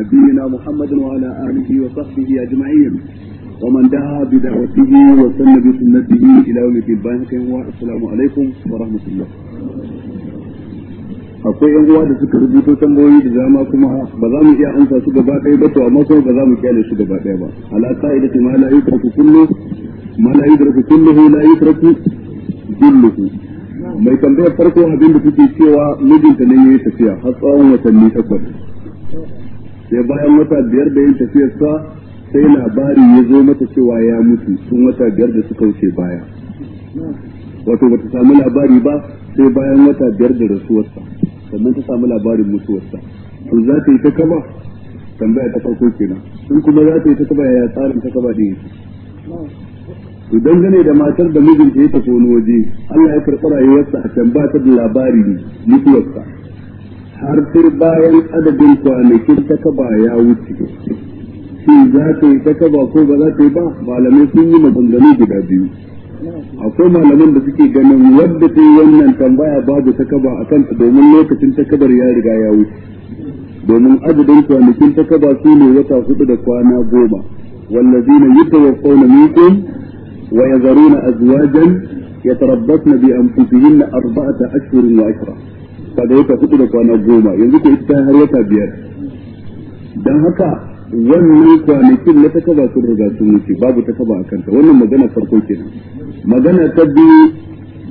نبينا محمد وعلى آله وصحبه أجمعين ومن دعا بدعوته وسن بسنته إلى يوم الدين والسلام عليكم ورحمة الله akwai yan uwa da suka rubuto tambayoyi da dama kuma ba za mu iya amsa su gaba ɗaya ba to amma kuma ba za mu kyale su gaba ɗaya ba ala qa'idati ma kullu ma la yudraku kulluhu la yudraku kulluhu mai tambayar farko abin da kuke cewa mijinta ne yayi tafiya har tsawon watanni takwas sai bayan wata biyar da yin tafiyarsa sai labari ya zo mata cewa ya mutu tun wata biyar da suka wuce baya wato bata samu labari ba sai bayan wata biyar da rasuwarsa sannan ta samu labarin mutuwarsa to za ta yi ta kaba tambaya ta farko kenan sun kuma za ta yi ta kaba yaya tsarin ta kaba din to dangane da matar da mijinta ya tafi wani waje Allah ya karɓi rayuwarsa a can ba ta da labari ne mutuwarsa har sai bayan adadin kwanakin ta kaba ya wuce shi za ta yi ta kaba ko ba za ta yi ba malamai sun yi maganganu guda biyu akwai malaman da suke ganin wadda ta yi wannan tambaya babu ta kaba a kanta domin lokacin ta kabar ya riga ya wuce domin adadin kwanakin ta kaba su ne wata hudu da kwana goma wallazina yatawaffawna minkum wa yazaruna azwajan yatarabbasna bi anfusihinna arba'ata ashhurin wa ashra kaga wata hudu da kwana goma yanzu ko ita har wata biyar dan haka wannan kwanakin na takaba sun riga sun wuce babu takaba a kanta wannan magana farko kenan magana ta biyu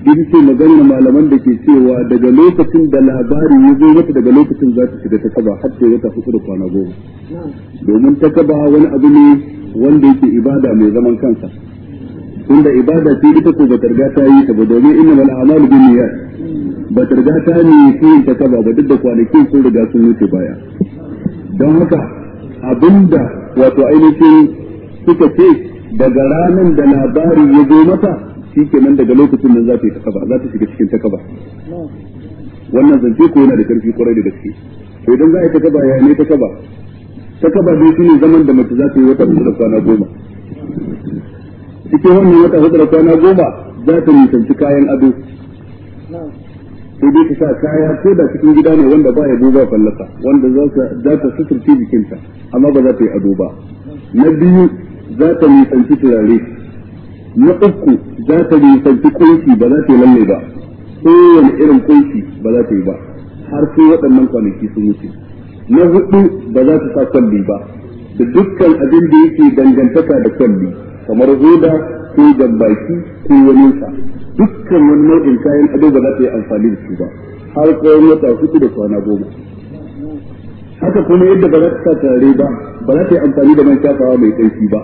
ita ce maganar malaman da ke cewa daga lokacin da labari ya zo mata daga lokacin za ta shiga takaba har sai wata hudu da kwana goma domin takaba wani abu ne wanda yake ibada mai zaman kansa inda ibada ce ita ko ba targa ta yi ta ba domin inna mal a'malu bin niyyat ba targa ta ne yin ta ba duk da kwanaki sun riga sun wuce baya don haka abinda wato ainihin suka ce daga ranar da labari ya zo mata shi kenan daga lokacin nan za ta yi ba, za ta shiga cikin ta ba. wannan zance ko yana da karfi kwarai da gaske to idan za a yi ta ba ya ne takaba zai shi ne zaman da mace za ta yi wata da kwana goma cikin wannan wata hudu da kwana goma za ta nisanci kayan ado sai dai ta sa kaya ko da cikin gida ne wanda ba ya duba fallasa wanda za ta suturce jikinta amma ba za ta yi ado ba na biyu za ta nisanci turare na uku za ta nisanci kunshi ba za ta yi lalle ba kowane irin kunshi ba za ta yi ba har sai waɗannan kwanaki sun wuce na hudu ba za ta sa kwalli ba da dukkan abin da yake dangantaka da kyalli kamar hoda ko gabaki, ko waninsa dukkan wani nau'in kayan ado ba za ta yi amfani da su ba har tsawon wata hudu da kwana goma haka kuma yadda ba za ta sa tare ba ba za ta yi amfani da man shafawa mai kaifi ba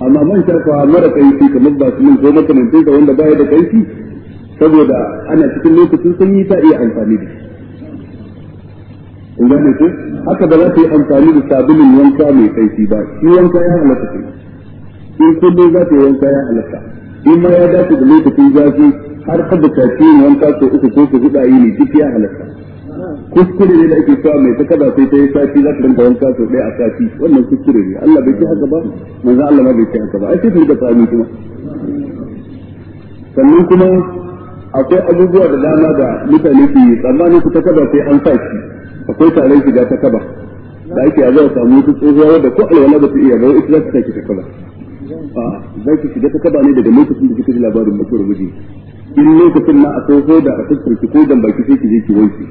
amma man shafawa mara kaifi kamar ba su min ko makamantin da wanda baya da kaifi saboda ana cikin lokacin sanyi ta iya amfani da shi in gane ku haka ba za ta yi amfani da sabulin wanka mai kaifi ba shi wanka ya halatta kai in kullum za ta yi wanka ya halatta in ma ya dace da lokacin zafi har ka bukaci yin wanka ko uku ko ko huɗa yi ne duk ya halatta kuskure ne da ake cewa mai ta kaza sai ta yi sati za ta rinka wanka sau ɗaya a sati wannan kuskure ne Allah bai ce haka ba manzo Allah ma bai ce haka ba ai sai ka tsami kuma sannan kuma akwai abubuwa da dama da mutane ke tsammanin su ta kaza sai an sa akwai taron shiga ta kaba da ake a zuwa samu wata tsohuwa wadda ko alwala ba ta iya ba ita za ta sake ta kaba a za ki shiga ta kaba ne daga lokacin da kika ji labarin mutuwar miji in lokacin na a tsoho da a fuskar ki ko dan baki sai ki je ki wanki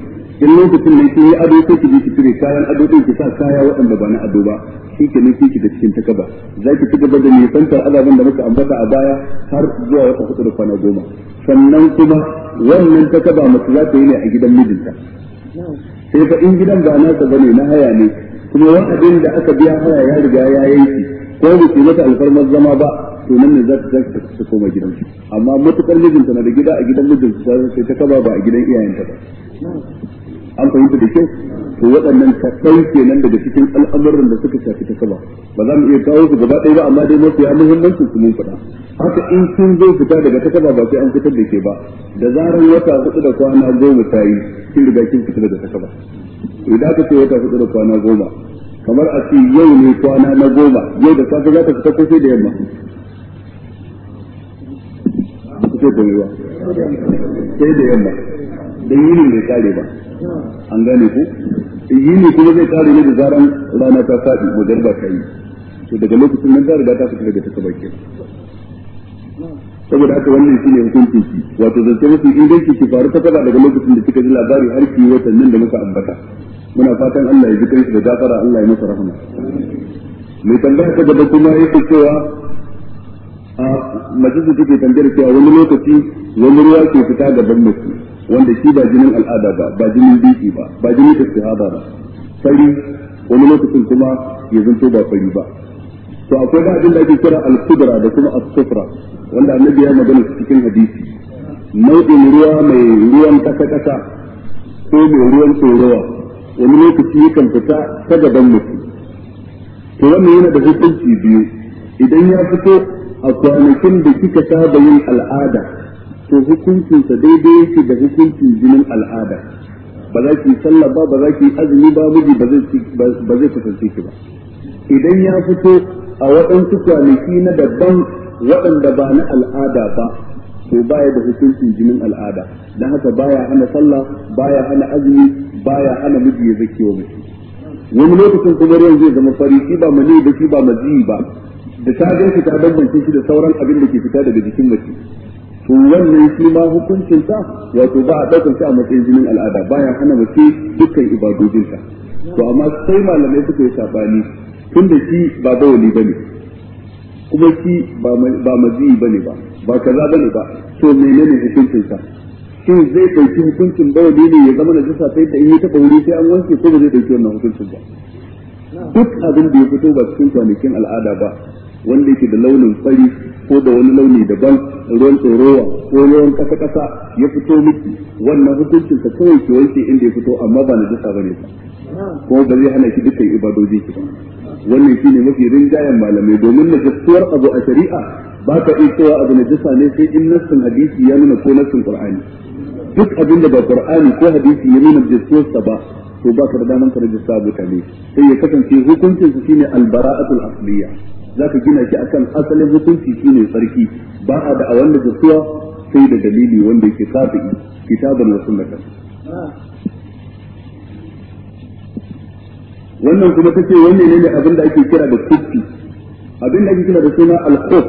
in lokacin ne kin yi ado sai ki je ki cire kayan ado din ki sa kaya waɗanda ba na ado ba shi ke nan ki da cikin ta kaba za ki ci gaba da nisantar azaban da muka ambata a baya har zuwa wata hudu da kwana goma sannan kuma wannan ta kaba mace za ta yi ne a gidan mijinta sai fa in gidan ba nasa ne na haya ne kuma abin da aka biya haya ya riga ya yanki ko ba su mata alfarmar zama ba to nan ne za ta ta koma gidan amma matukar mijinta na da gida a gidan mijinta sai ta kaba ba a gidan iyayenta ba an fahimta da kyau to waɗannan ke nan daga cikin al'amuran da suka shafi saba, ba za mu iya kawo su gaba ɗaya ba amma dai mafi muhimmanci su mun faɗa haka in sun zo fita daga ta saba ba sai an fitar da ke ba da zarar wata hudu da kwana goma ta yi kin riga kin fita daga saba, idan aka ce wata hudu da kwana goma kamar a ce yau ne kwana na goma yau da safe za ta fita ko sai da yamma ba ku ce ba sai da yamma don yini bai kare ba an gane ko yi ne kuma zai kare ne da zaran rana ta faɗi ko ba ta yi to daga lokacin nan ta ta fita daga ta bakin saboda haka wannan shine hukuncin ki wato zance mafi inganci ki faru ta kada daga lokacin da kika ji labari har ki watannin da muka ambata muna fatan Allah ya ji kanshi da gafara Allah ya masa rahama mai tambaya ta gaba kuma yake cewa a majalisar take tambayar cewa wani lokaci wani ruwa ke fita gaban mutum wanda shi ba jinin al'ada ba ba jinin biki ba ba jinin istihada ba fari wani lokacin kuma ya zanto ba fari ba to akwai da abin da ake kira al-kubra da kuma as-sufra wanda annabi ya magana cikin hadisi nau'in ruwa mai ruwan kasa kasa ko mai ruwan tsorowa wani lokaci yakan fita ta gaban mutum to wannan yana da hukunci biyu idan ya fito a kwanakin da kika saba yin al'ada to hukuncinsa daidai yake da hukuncin jinin al'ada ba za ki sallah ba ba za ki azumi ba miji ba zai kusance ki ba idan ya fito a waɗansu kwanaki na daban waɗanda ba na al'ada ba to baya da hukuncin jinin al'ada don haka baya hana sallah baya hana azumi baya hana miji ya zaki wa mace wani lokacin kuma ruwan zai zama fari shi ba mani da shi ba mazi ba da ta gan ta bambance shi da sauran abin da ke fita daga jikin mace to wannan shi ma hukuncin sa wato ba a ɗaukar shi a matsayin jinin al'ada baya hana mace dukkan ibadojin to amma sai malamai suka yi sabani tunda shi ba bawali bane kuma shi ba ba bane ba ba kaza bane ba to menene hukuncin sa shin zai ɗauki hukuncin bawali ne ya zama na jisa sai da in yi taɓa wuri sai an wanke ko ba zai ɗauki wannan hukuncin ba duk abin da ya fito ba cikin kwanakin al'ada ba wanda yake da launin fari ko da wani launi daban ruwan tsorowa ko ruwan kasa kasa ya fito miki wannan hukuncin ka kawai ki wanke inda ya fito amma ba na jisa bane Kuma ba zai hana ki dukkan ibadoji ki wannan shine mafi rinjayen malamai domin na gaskiyar abu a shari'a ba ka iya cewa abu na jisa ne sai in nassin hadisi ya nuna ko nassin qur'ani duk abin da ba qur'ani ko hadisi ya nuna gaskiyarsa ba to ba ka da daman ka rajista mutane sai ya kasance hukuncin su shine albara'atul asliya zaka gina shi akan asalin hukunci shine sarki ba a da awan da gaskiya sai da dalili wanda yake sabi Kitabun wa sunnatan wannan kuma tace wanne ne ne abin da ake kira da kufi abin da ake kira da suna al-khuf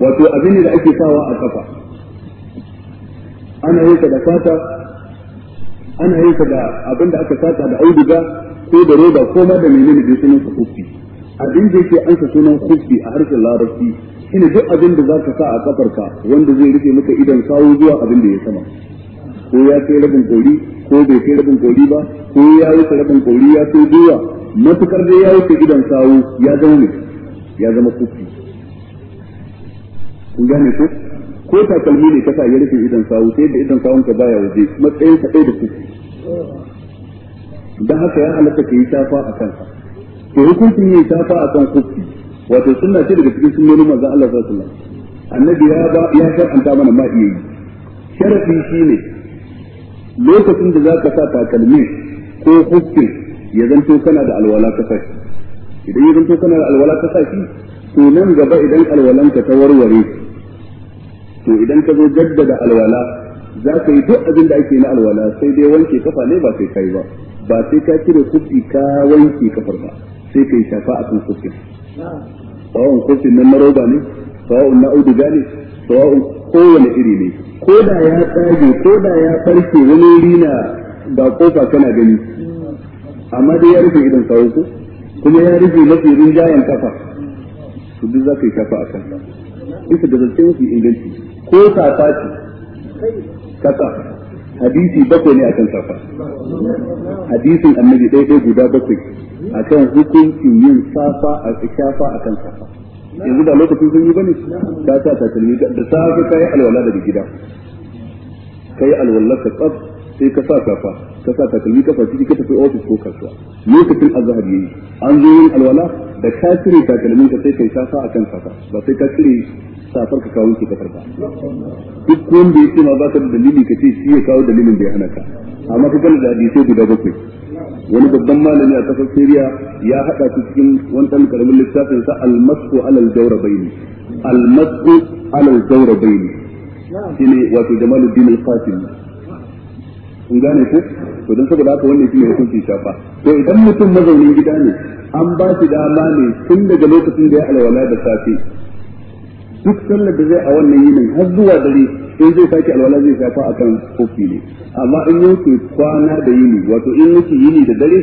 wato abin da ake sawa a kafa ana yin da kata ana yin da abin da aka saka da auduga ko da roba ko ma da menene da sunan kufi abin da yake ansa sunan kufi a harshen larabci shine duk abin da zaka sa a kafarka wanda zai rufe maka idan kawo zuwa abin da ya sama ko ya kai rabin kori ko bai kai rabin kori ba ko ya wuce rabin kori ya kai zuwa matukar dai ya wuce idan kawo ya zama ne ya zama kufi kun gane ko ko takalmi ne kasa ya rufe idan kawo sai da idan kawon ka baya waje matsayin ka da kufi dan haka ya halatta ka yi tafa a kansa to hukuncin ta fa a kan kufi wato sunna ce daga cikin sunnonin manzon Allah sallallahu alaihi wasallam annabi ya ba ya shar'anta mana ma iya yi shi ne lokacin da zaka sa takalmi ko kufi ya zanto kana da alwala ka sa idan ya zanto kana da alwala ka sa shi to nan gaba idan alwalanka ta warware to idan ka zo jaddada alwala za ka yi duk abin da ake na alwala sai dai wanke kafa ne ba sai kai ba ba sai ka cire kufi ka wanke kafar ba sai ka yi shafa a kan kufin sawa'un kufin nan na roba ne sawa'un na auduga ne sawa'un kowane iri ne ko da ya tsage ko da ya farke wani rina ba ga kofa kana gani amma dai ya rufe idan sawo ko kuma ya rufe mafi rinjayen kafa to duk za ka yi shafa a kan ita da zance mafi inganci ko safa ce kasa hadisi bakwai ne akan safa hadisin annabi ɗaya ɗaya guda bakwai akan hukuncin yin safa a shafa akan safa yanzu da lokacin sun yi bane ka ta takalmi da safe ka yi alwala daga gida ka yi alwala ka tsaf sai ka sa safa ka sa takalmi ka fashi ka tafi ofis ko kasuwa lokacin azhar yayi an zo yin alwala da ka cire ka sai kai safa akan safa ba sai ka cire safar ka kawo shi ka karba duk wanda ya ce ma ka da dalili ka ce shi ya kawo dalilin da ya hana ka amma ka kana da hadisai guda bakwai wani babban malami a kasar Syria ya hada su cikin wannan karamin littafin sa al-masqu alal jawrabaini al-masqu alal jawrabaini shine wato Jamaluddin al-Qasimi kun gane ko to dan saboda haka wannan shine hukunci shafa to idan mutum mazaunin gida ne an ba shi dama ne tun daga lokacin da ya alwala da safe duk sallar da zai a wannan yinin har zuwa dare in zai sake alwala zai shafa akan kofi ne amma in yake kwana da yini wato in yake yini da dare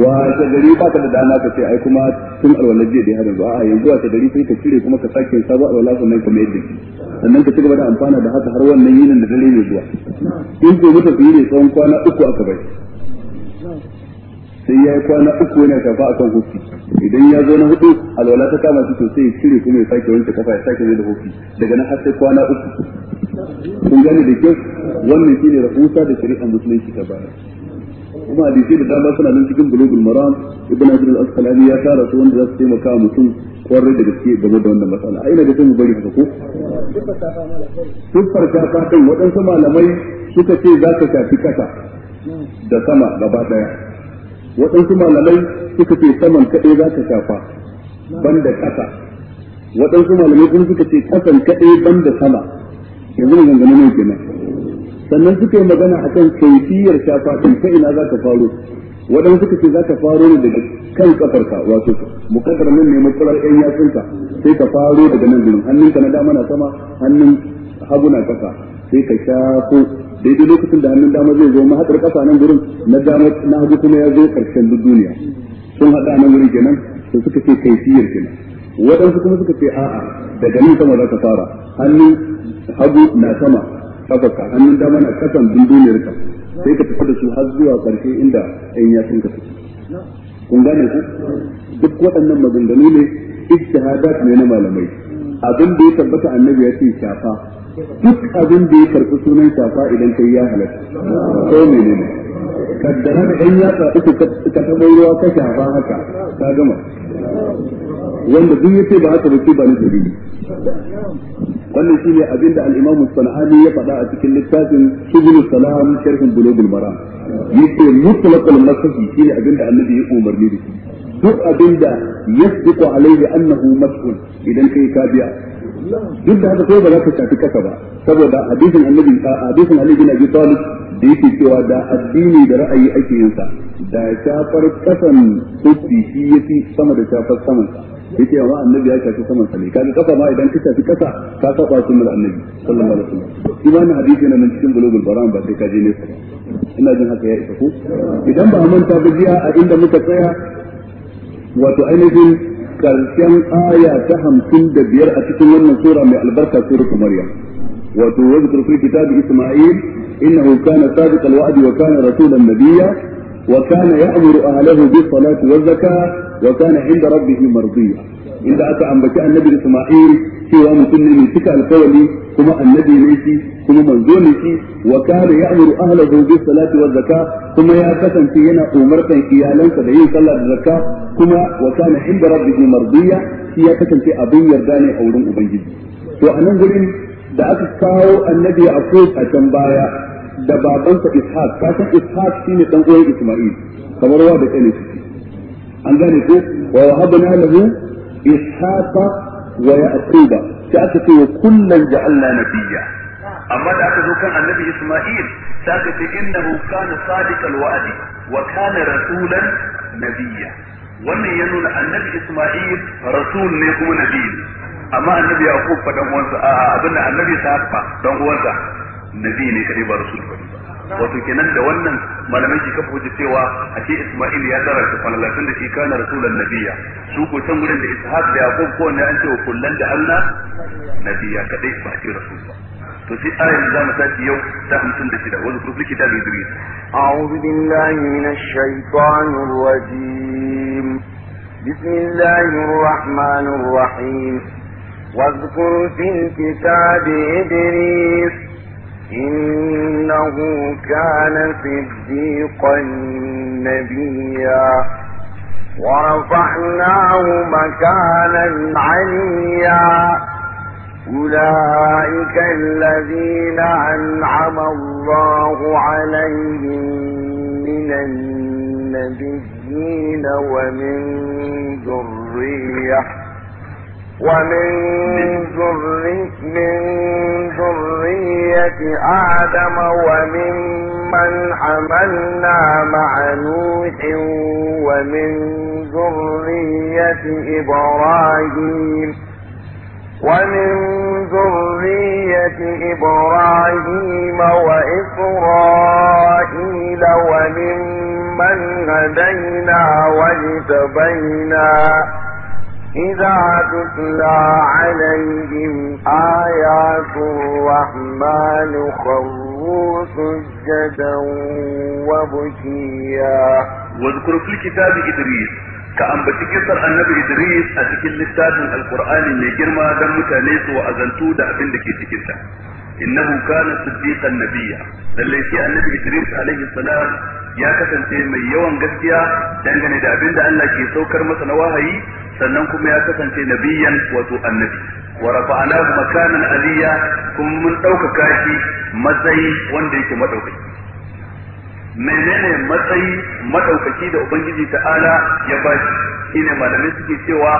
wa ta gari ba ka da dama ka ce ai kuma tun alwala jiya dai har yanzu yanzu a ta gari sai ka cire kuma ka sake sabo alwala sannan ka mayar da shi sannan ka ci gaba da amfana da haka har wannan yinin da dare ne zuwa in ko mutum yi ne tsawon kwana uku aka bai sai ya yi kwana uku yana shafa kan hufi idan ya zo na hudu alwala ta kama shi to ya cire kuma ya sake wanke kafa ya sake mai da hufi daga nan har sai kwana uku kun gane da kyau wannan shine rahusa da shari'a musulunci ta baya. kuma hadisi da dama suna nan cikin bulugul maram ibn abd al-asqalani ya tara su wanda za su taimaka wa mutum kwarai da gaske game da wannan matsala ina da ga mu bari haka ko siffar ta kan waɗansu malamai suka ce za ka shafi kasa da sama gaba daya waɗansu malamai suka ce saman kaɗai za ta shafa ban da ƙasa waɗansu malamai kuma suka ce ƙasan kaɗai ban da sama yanzu mu gangana mai kenan sannan suka yi magana a kan kaifiyar shafa ɗin ta ina za ta faro waɗansu suka ce za ka faro ne daga kan ƙafarka, wato mukaddar nan ne matsalar ƴan yatsunka sai ka faro daga nan gurin hannunka na dama na sama hannun hagu na kasa sai ka ko daidai lokacin da hannun dama zai zo mahaɗar kasa nan gurin na dama na hagu kuma ya zo karshen duk duniya sun haɗa nan wurin kenan to suka ce kaifiyar kenan waɗansu kuma suka ce a'a daga nan sama za ka fara hannun hagu na sama kafaka hannun dama na kasan duk duniyar ka sai ka tafi da su har zuwa ƙarshe inda ɗan yasin ka fi. kun gane ku duk waɗannan maganganu ne ijtihadat ne na malamai abin da ya tabbata annabi ya ce shafa duk abin da ya karɓi sunan shafa idan kai ya halatta ko menene kaddara da ɗan yatsa uku ka taɓa ruwa ka shafa haka ta gama wanda duk yace ba haka bace ba na dalili wannan shine abin da al-Imam Sanani ya faɗa a cikin littafin Subul Salam sharhin Bulughul Maram yace mutlaqul shi ne abin da Annabi ya umarni da shi duk abinda yasbiqu alaihi annahu mas'ul idan kai ka biya duk da haka sai ba za ka tafi kasa ba saboda hadisin annabi hadisin Ali bin Abi Talib da yake cewa da addini da ra'ayi ake yin sa da shafar kasan kuɗi shi yafi sama da shafar saman sa yake wa annabi ya tafi saman sa ne kaga kasa ma idan ka tafi kasa ka saba sunnar annabi sallallahu alaihi wasallam shi wannan hadisi na nan cikin bulugul baran ba sai ka je ne ina jin haka ya isa ko idan ba manta ba jiya a inda muka tsaya wato ainihin karshen aya ta hamsin da biyar a cikin wannan sura mai albarka suratu maryam wato wa zikr fi kitabi isma'il innahu kana sadiq al wa kana rasulan nabiyya wa kana ya'muru ahlihi bis salati waz zakah wa kana 'inda rabbihi mardiya inda aka ambaci annabi Isma'il cewa mutum ne mai cika alkawari kuma annabi ne shi kuma manzo ne shi wa kana ya'muru ahlahu bis salati waz zakat kuma ya kasance yana umartan iyalansa da yin sallah da zakka kuma wa kana inda rabbihi mardiya shi ya kasance abin yarda ne a wurin ubangiji to a nan gurin da aka kawo annabi Yaqub a can baya da babansa Ishaq kasan Ishaq shine dan uwan Isma'il kamar wa da kai an gane ko wa wahabna lahu ishaqa wa yaquba ya aka ce wa kullun ja'alna nabiyya amma da aka zo kan annabi isma'il sai aka ce innahu kana sadiqal wa'di wa kana rasulan nabiyya wannan ya nuna annabi isma'il rasul ne kuma nabi amma annabi yaqub fa dan uwansa a abinda annabi sa'ad fa dan uwansa nabi ne kai ba rasul ba ne wato kenan da wannan malamai ke kafa hujja cewa a ce Isma'il ya tsara shi falalatun da shi kana rasulan nabiyya su ko can gurin da Ishaq da Yaqub ko ne an ce wa kullan da Allah nabiyya kadai ba ce rasul ba to sai ayar za mu tafi yau ta 56 wanda kuma kike da Idris a'udhu billahi minash shaitanir rajim bismillahir rahmanir rahim واذكر في الكتاب إدريس إنه كان صديقا نبيا ورفعناه مكانا عليا أولئك الذين أنعم الله عليهم من النبيين ومن ذريه ومن ذرية آدم وممن حملنا مع نوح ومن ذرية إبراهيم ومن ذرية إبراهيم وإسرائيل وممن هدينا واجتبينا إذا تتلى عليهم آيات الرحمن خروا سجدا وبكيا واذكر في الكتاب إدريس ka ambaci kisar annabi Idris a cikin littafin alkur'ani mai girma don mutane su wa'azantu da abin da ke cikinta innahu kana siddiqan nabiyya lalle shi annabi Idris alaihi salam ya kasance mai yawan gaskiya dangane da abin da Allah ke saukar masa na wahayi sannan kuma ya kasance nabiyyan wato annabi wa rafa'nahu makanan aliyya kuma mun ɗaukaka shi matsayi wanda yake madaukaki menene matsayi madaukaki da ubangiji ta'ala ya bashi shine malamai suke cewa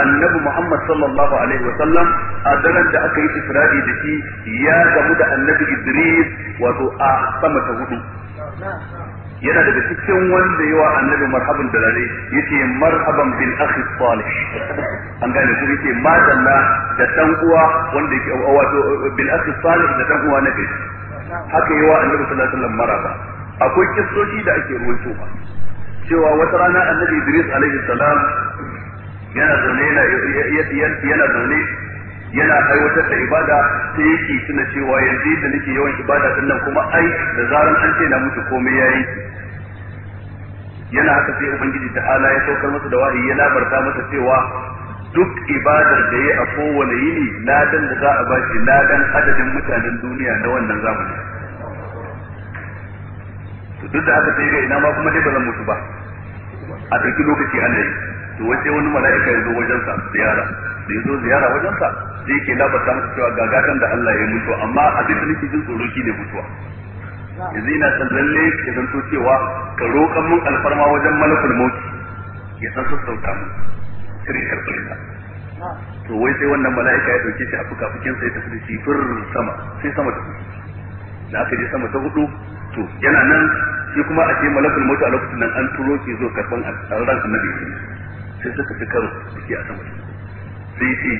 annabi Muhammad sallallahu alaihi wa sallam a daren da aka yi isra'i da shi ya gamu da annabi Idris wato a sama ta hudu yana daga cikin wanda yi wa annabi marhaban da rare yace marhaban bin akhi salih an gane ku yace madalla da dan uwa wanda yake wato bin akhi salih da dan uwa na gari haka yi wa annabi sallallahu alaihi wa sallam maraba akwai kistoci da ake ba cewa wata rana annabi Idris alaihi salam yana zaune yana yana zaune yana aiwatar da ibada sai yake tuna cewa yanzu da nake yawan ibada din nan kuma ai da zaran an ce na mutu komai yayi yana haka sai ubangiji ta ala ya saukar masa da wahayi ya labarta masa cewa duk ibadar da ya a kowane yini ladan da za a bashi ladan adadin mutanen duniya na wannan zamanin duk da aka sai ga ina ma kuma dai ba zan mutu ba a ɗauki lokaci an yi to wace wani mala'ika ya zo wajensa ziyara da ya zo ziyara wajensa sai ke labarta masa cewa ga gatan da Allah ya mutu amma duk da nake jin tsoro shi ne mutuwa yanzu ina san lalle ya to cewa ka roƙan mun alfarma wajen malakul mauti ya san sassauta mu shirin karɓarina to wai sai wannan mala'ika ya dauke shi a fuka sa ya tafi da shi fur sama sai sama ta da aka je sama ta hudu to yana nan shi kuma a ce malakul mota a lokacin nan an turo shi zo karban ran annabi sai suka fi karo da ke a sama sai ce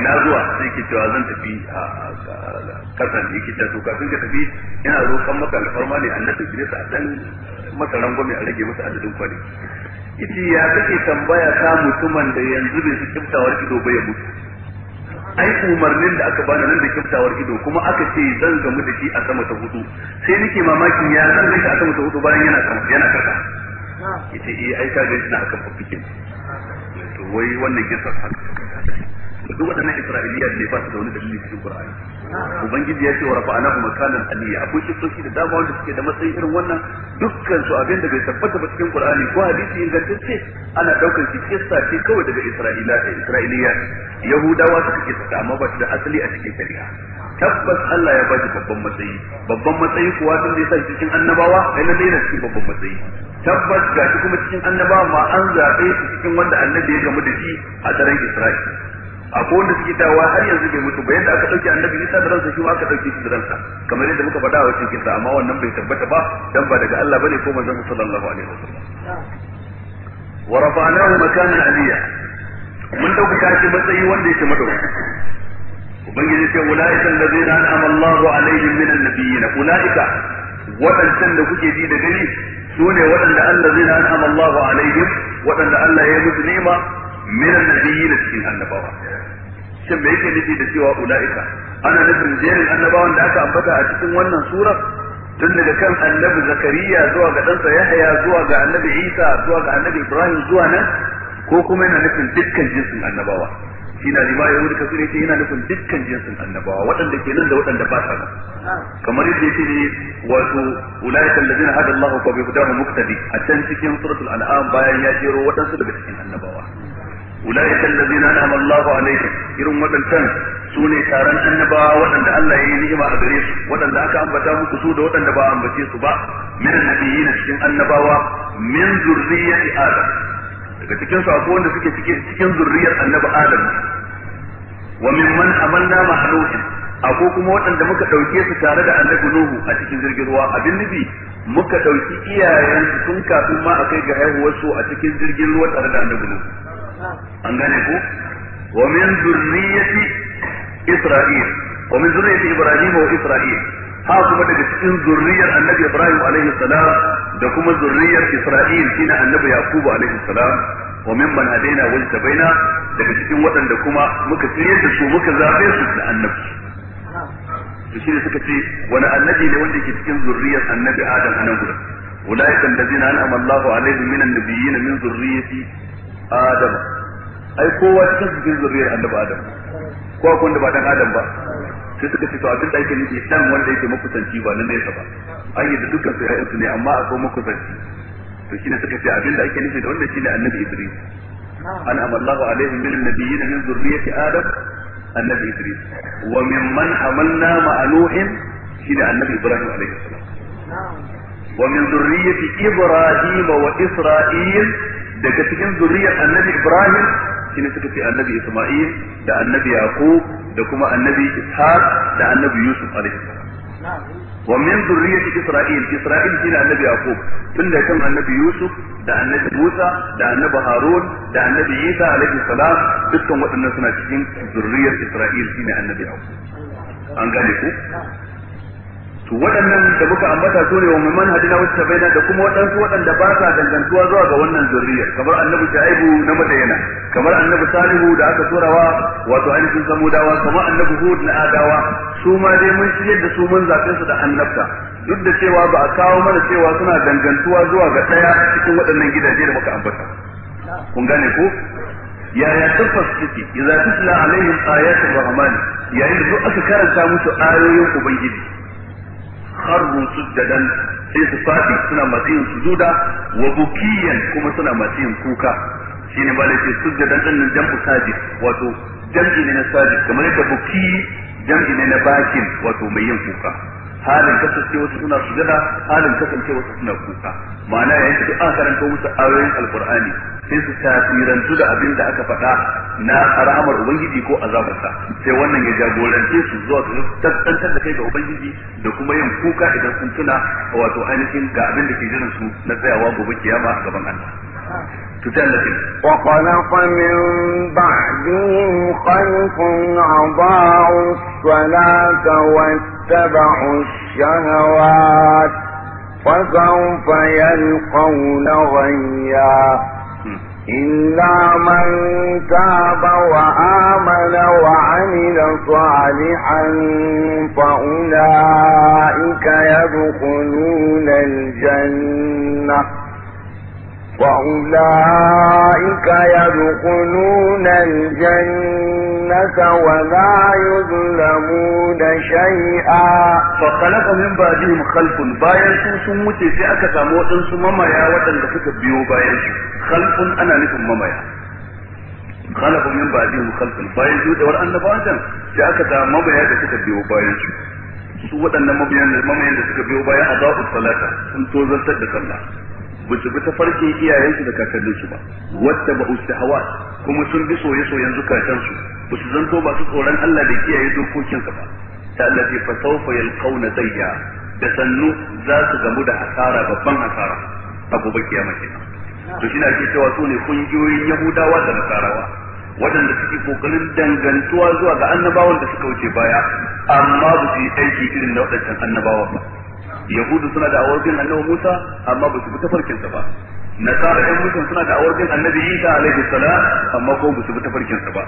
ina zuwa sai ke cewa zan tafi a kasan da yake to kafin ka tafi ina kan maka alfarma ne annabi gire sa dan masa rangwame a rage masa adadin kwani ita ya kake tambaya ta mutumin da yanzu bai su kimtawar ido ba ya mutu ai umarnin da aka bani nan da kiftawar ido kuma aka ce zan gamu da shi a sama ta hudu sai nake mamakin ya zan shi a sama ta hudu bayan yana kan yana kasa yace eh ai ka gaji na akan fafikin to wai wannan kisa haka duk wadannan isra'iliyya ne ba su da wani dalili cikin qur'ani ubangiji ya ce wa rafa anahu makanan aliyya akwai kissoshi da dama wanda suke da matsayin irin wannan dukkan su abin da bai tabbata ba cikin qur'ani ko hadisi ingantacce ana daukar shi kissa ce kawai daga isra'ila da isra'iliya yahudawa suka kissa amma ba su da asali a cikin shari'a tabbas Allah ya bashi babban matsayi babban matsayi kuwa tun da yasa cikin annabawa kai na daina cikin babban matsayi tabbas gashi kuma cikin annabawa ma an zabe su cikin wanda annabi ya gamu da shi a daren Isra'ila akwai wanda suke tawa har yanzu bai mutu ba yadda aka dauke annabi Isa da ransa shi aka dauke shi da ransa kamar yadda muka faɗa a wajen kisa amma wannan bai tabbata ba dan ba daga Allah bane ko manzon sallallahu alaihi wasallam wa rafa'nahu makanan aliyya mun dauka shi matsayi wanda yake madauki ubangiji ce ulaika allazina an'ama Allahu alaihim minan nabiyyin ulaika waɗancan da kuke ji da gani su ne waɗanda allazina an'ama Allahu alaihim waɗanda Allah ya yi musu ni'ima min annabiyyi da cikin annabawa shin me yake nufi da cewa ulaika ana nufin jerin annabawan da aka ambata a cikin wannan sura tun daga kan annabi zakariya zuwa ga ɗansa yahaya zuwa ga annabi isa zuwa ga annabi ibrahim zuwa nan ko kuma yana nufin dukkan jinsin annabawa shi na lima yahudi kasu ne ce yana nufin dukkan jinsin annabawa waɗanda ke nan da waɗanda ba sa nan kamar yadda yake ne wato ulaiikal ladina hada Allah fa bi hudahu muqtadi a can cikin suratul an'am bayan ya jero waɗansu daga cikin annabawa irin أولئك الذين أنعم الله عليهم إرم وتنتن سوني تارن أنبا وأن الله ينعم أدريس وأن ذاك أنبتا مكسود وأن نبا أنبتي سبا من النبيين cikin annabawa min zurriyyati Adam daga cikin su akwai wanda suke cikin cikin zurriyar annabi Adam wa mimman amalna ma halukin akwai kuma waɗanda muka ɗauke su tare da annabi Nuhu a cikin jirgin ruwa abin nufi muka ɗauki iyayen sun kafin ma a kai ga haihuwar su a cikin jirgin ruwa tare da annabi Nuhu an gane ku wa min zurriyyati isra'il wa min zurriyyati ibrahim wa isra'il ha kuma daga cikin zurriyar annabi ibrahim alaihi salam da kuma zurriyar isra'il shine annabi yaqub alaihi salam wa mimman hadaina wa tabaina daga cikin waɗanda kuma muka tsire da su muka zabe su da annabi to shine suka ce wani annabi ne wanda ke cikin zurriyar annabi adam anan gurin ulaika allazina an'ama Allahu alaihim minan nabiyyin min zurriyyati adam ai kowa cikin cikin zuriyar annabi adam ko kun wanda ba dan adam ba sai suka ce to abin da ake nufi dan wanda yake makusanci ba na nesa ba an yi da dukkan su ya'yansu ne amma akwai makusanci to shine suka ce abin da ake nufi da wanda shine annabi idris an amallahu alaihi min nabiyyin min zurriyyati adam annabi idris wa mimman amalna ma'a nuhin shine annabi ibrahim alaihi salam wa min zurriyyati ibrahim wa isra'il daga cikin zuriyar annabi Ibrahim shi ne suka ce annabi Isma'il da annabi Yaqub da kuma annabi Ishaq da annabi Yusuf alaihi wa min zurriyyati Isra'il Isra'il shine annabi Yaqub tun da kan annabi Yusuf da annabi Musa da annabi Harun da annabi Isa alaihi salam dukkan waɗannan suna cikin zurriyar Isra'il shine annabi Yaqub an gane ku to waɗannan da muka ambata su ne wa man hadina wacce bayyana da kuma waɗansu waɗanda ba sa dangantuwa zuwa ga wannan zurriya kamar annabi shaibu na madayana kamar annabi salihu da aka turawa wato ainihin samudawa kamar annabi hud na adawa su ma dai mun shiyar da su mun zaɓe su da annabta duk da cewa ba a kawo mana cewa suna dangantuwa zuwa ga ɗaya cikin waɗannan gidaje da muka ambata kun gane ko yaya tabbas suke idza tutla alaihim ayatul rahman yayin da duk aka karanta musu ayoyin ubangiji kharru sujjadan sai su fadi suna masu yin sujuda wa bukiyan kuma suna masu yin kuka shine ba lafi sujjadan din nan jam'u sajid wato jam'i ne na sajid kamar yadda buki jam'i ne na bakin wato mai yin kuka halin kasance wasu suna sujada halin kasance wasu suna kuka ma'ana ya da an karanta musu ayoyin alkur'ani sai su tasirantu da abin da aka faɗa na haramar ubangiji ko azabarsa sai wannan ya jagorance su zuwa su tantantar da kai ga ubangiji da kuma yin kuka idan sun tuna wato ainihin ga abin da ke jiran su na tsayawa gobe kiyama a gaban Allah tu tallafin. Wakwalafa min ba din kwalifin abawo salata wata ba wa fasanfa yalkauna wanya. إلا من تاب وآمن وعمل صالحا فأولئك يدخلون الجنة وأولئك يدخلون الجنة ولا يظلمون شيئا فخلق من بعدهم خلف باين سو سن wuce sai aka samu waɗansu mamaya waɗanda suka biyo bayan su ana nufin mamaya khalaqa min ba'dihim khalfun bayan su dawar annabawan sai aka samu mamaya da suka biyo bayan su su waɗannan da suka biyo bayan azabu salata sun tozartar da sallah ba su bi tafarkin iyayensu da kakanninsu ba wanda ba hawa kuma sun bi soye-soyen zukatansu ba su zanto ba su tsoron Allah da kiyaye dokokin ba ta Allah ce fa sawfa yalqawna zayya da sannu za su gamu da asara babban asara a gobe kiyama kenan to shi ne ake cewa su ne kungiyoyin Yahudawa da Nasarawa waɗanda suke kokarin dangantuwa zuwa ga annabawan da suka wuce baya amma ba su yi aiki irin na waɗancan annabawan ba yahudu suna da awarkin annabi Musa amma ba su bi tafarkin sa ba nasara ɗan mutum suna da awarkin annabi Isa alaihi salam amma ko ba su bi tafarkin sa ba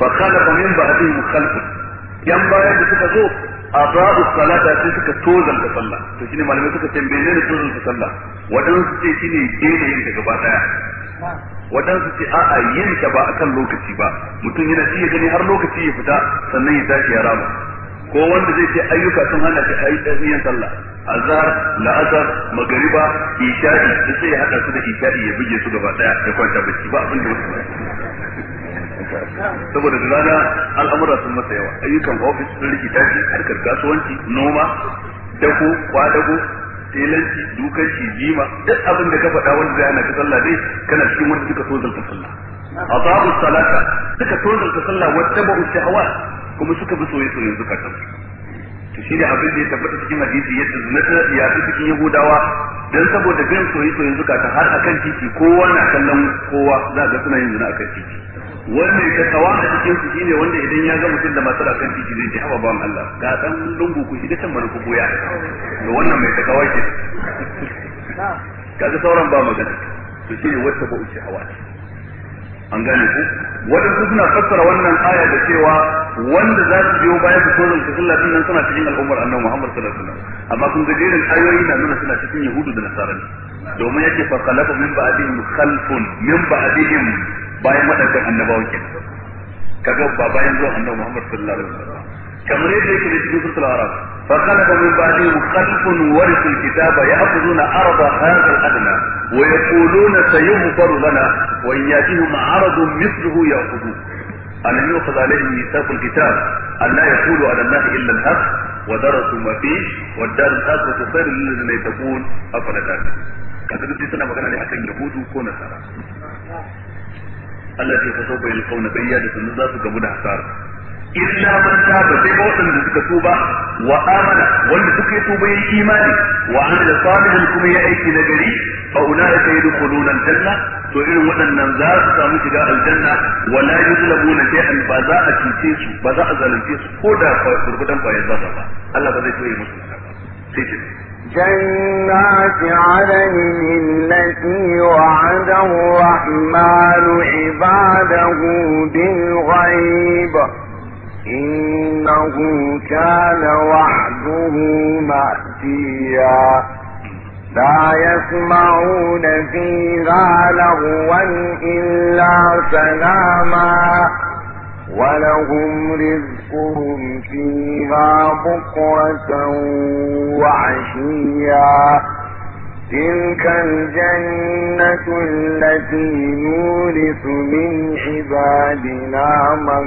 fa khalaqa min ba'dihim khalqun yan bayan da suka zo aba'u salata sai suka tozan da sallah to shine malamai suka ce menene tozan da sallah wadansu ce shine daina yin ta gaba daya waɗansu ce a'a yin ta ba akan lokaci ba mutum yana iya gani har lokaci ya fita sannan ya tashi ya rama ko wanda zai ce ayyuka sun hana shi ayi yin sallah azhar la'asar magariba isha'i sai ya hada su da isha'i ya buge su gaba daya ya kwanta bacci ba abin da wata saboda da rana al'amura sun masa yawa ayyukan ofis sun rikita shi harkar kasuwanci noma dako kwadago telanci dukan jima duk abin da ka faɗa wanda zai hana ka sallah dai kana cikin wanda suka so zalta sallah A azabu salata suka so zalta sallah wata ba'u shahawat kuma suka bi soyayya soyayya zukatan to shi ne abin da ya tabbata cikin hadisi yadda zina ta yafi cikin yahudawa dan saboda bin soyayya soyayya zukatan har akan titi kowa na kallon kowa za ga suna yin zina akan titi wannan ka tawa a cikin su shine wanda idan ya ga mutum da masu akan titi zai ji haba ban Allah ga dan lungu ku shi da mana ku goya to wannan mai takawa ke kaga sauran ba magana to shine wata ba uci hawa an gane ku waɗansu suna fassara wannan aya da cewa wanda za su biyo bayan su tozon su sallah din nan suna cikin al'ummar annabi Muhammad sallallahu alaihi wasallam amma kun ga jerin ayoyi na nuna suna cikin yahudu da nasara domin yake fa khalafa min ba'dihim khalfun min ba'dihim bayan wadannan annabawa kenan kaga ba bayan zuwa annabi Muhammad sallallahu alaihi wasallam kamar yadda yake da cikin suratul arab fa khalafa min ba'dihim khalfun warithu al-kitaba ya'khuduna arda hadha al-adna ويقولون سيغفر لنا وإن يأتيهم عرض مثله يأخذوه ألم يؤخذ عليهم ميثاق الكتاب أن لا يقولوا على الله إلا الحق ودرسوا ما فيه والدار الآخرة خير للذين يتقون أفلا تعلمون kaga duk suna magana ne akan yahudu ko nasara Allah ya faso bai kauna bayya da sun za su gamu da hasara illa man taba ba wanda suka tuba wa amana wanda kuma ya aiki na gari fa ulaika yadkhuluna aljanna to irin waɗannan za su samu shiga aljanna wala yuzlamuna shay'an ba za a cuce su ba za a zalunce su ko da ba Allah ba zai musu sai جنات عدن التي وعد الرحمن عباده بالغيب إنه كان وعده مأتيا لا يسمعون فيها لغوا إلا سلاما ولهم رزقهم فيها بكرة وعشيا تلك الجنة التي نورث من عبادنا من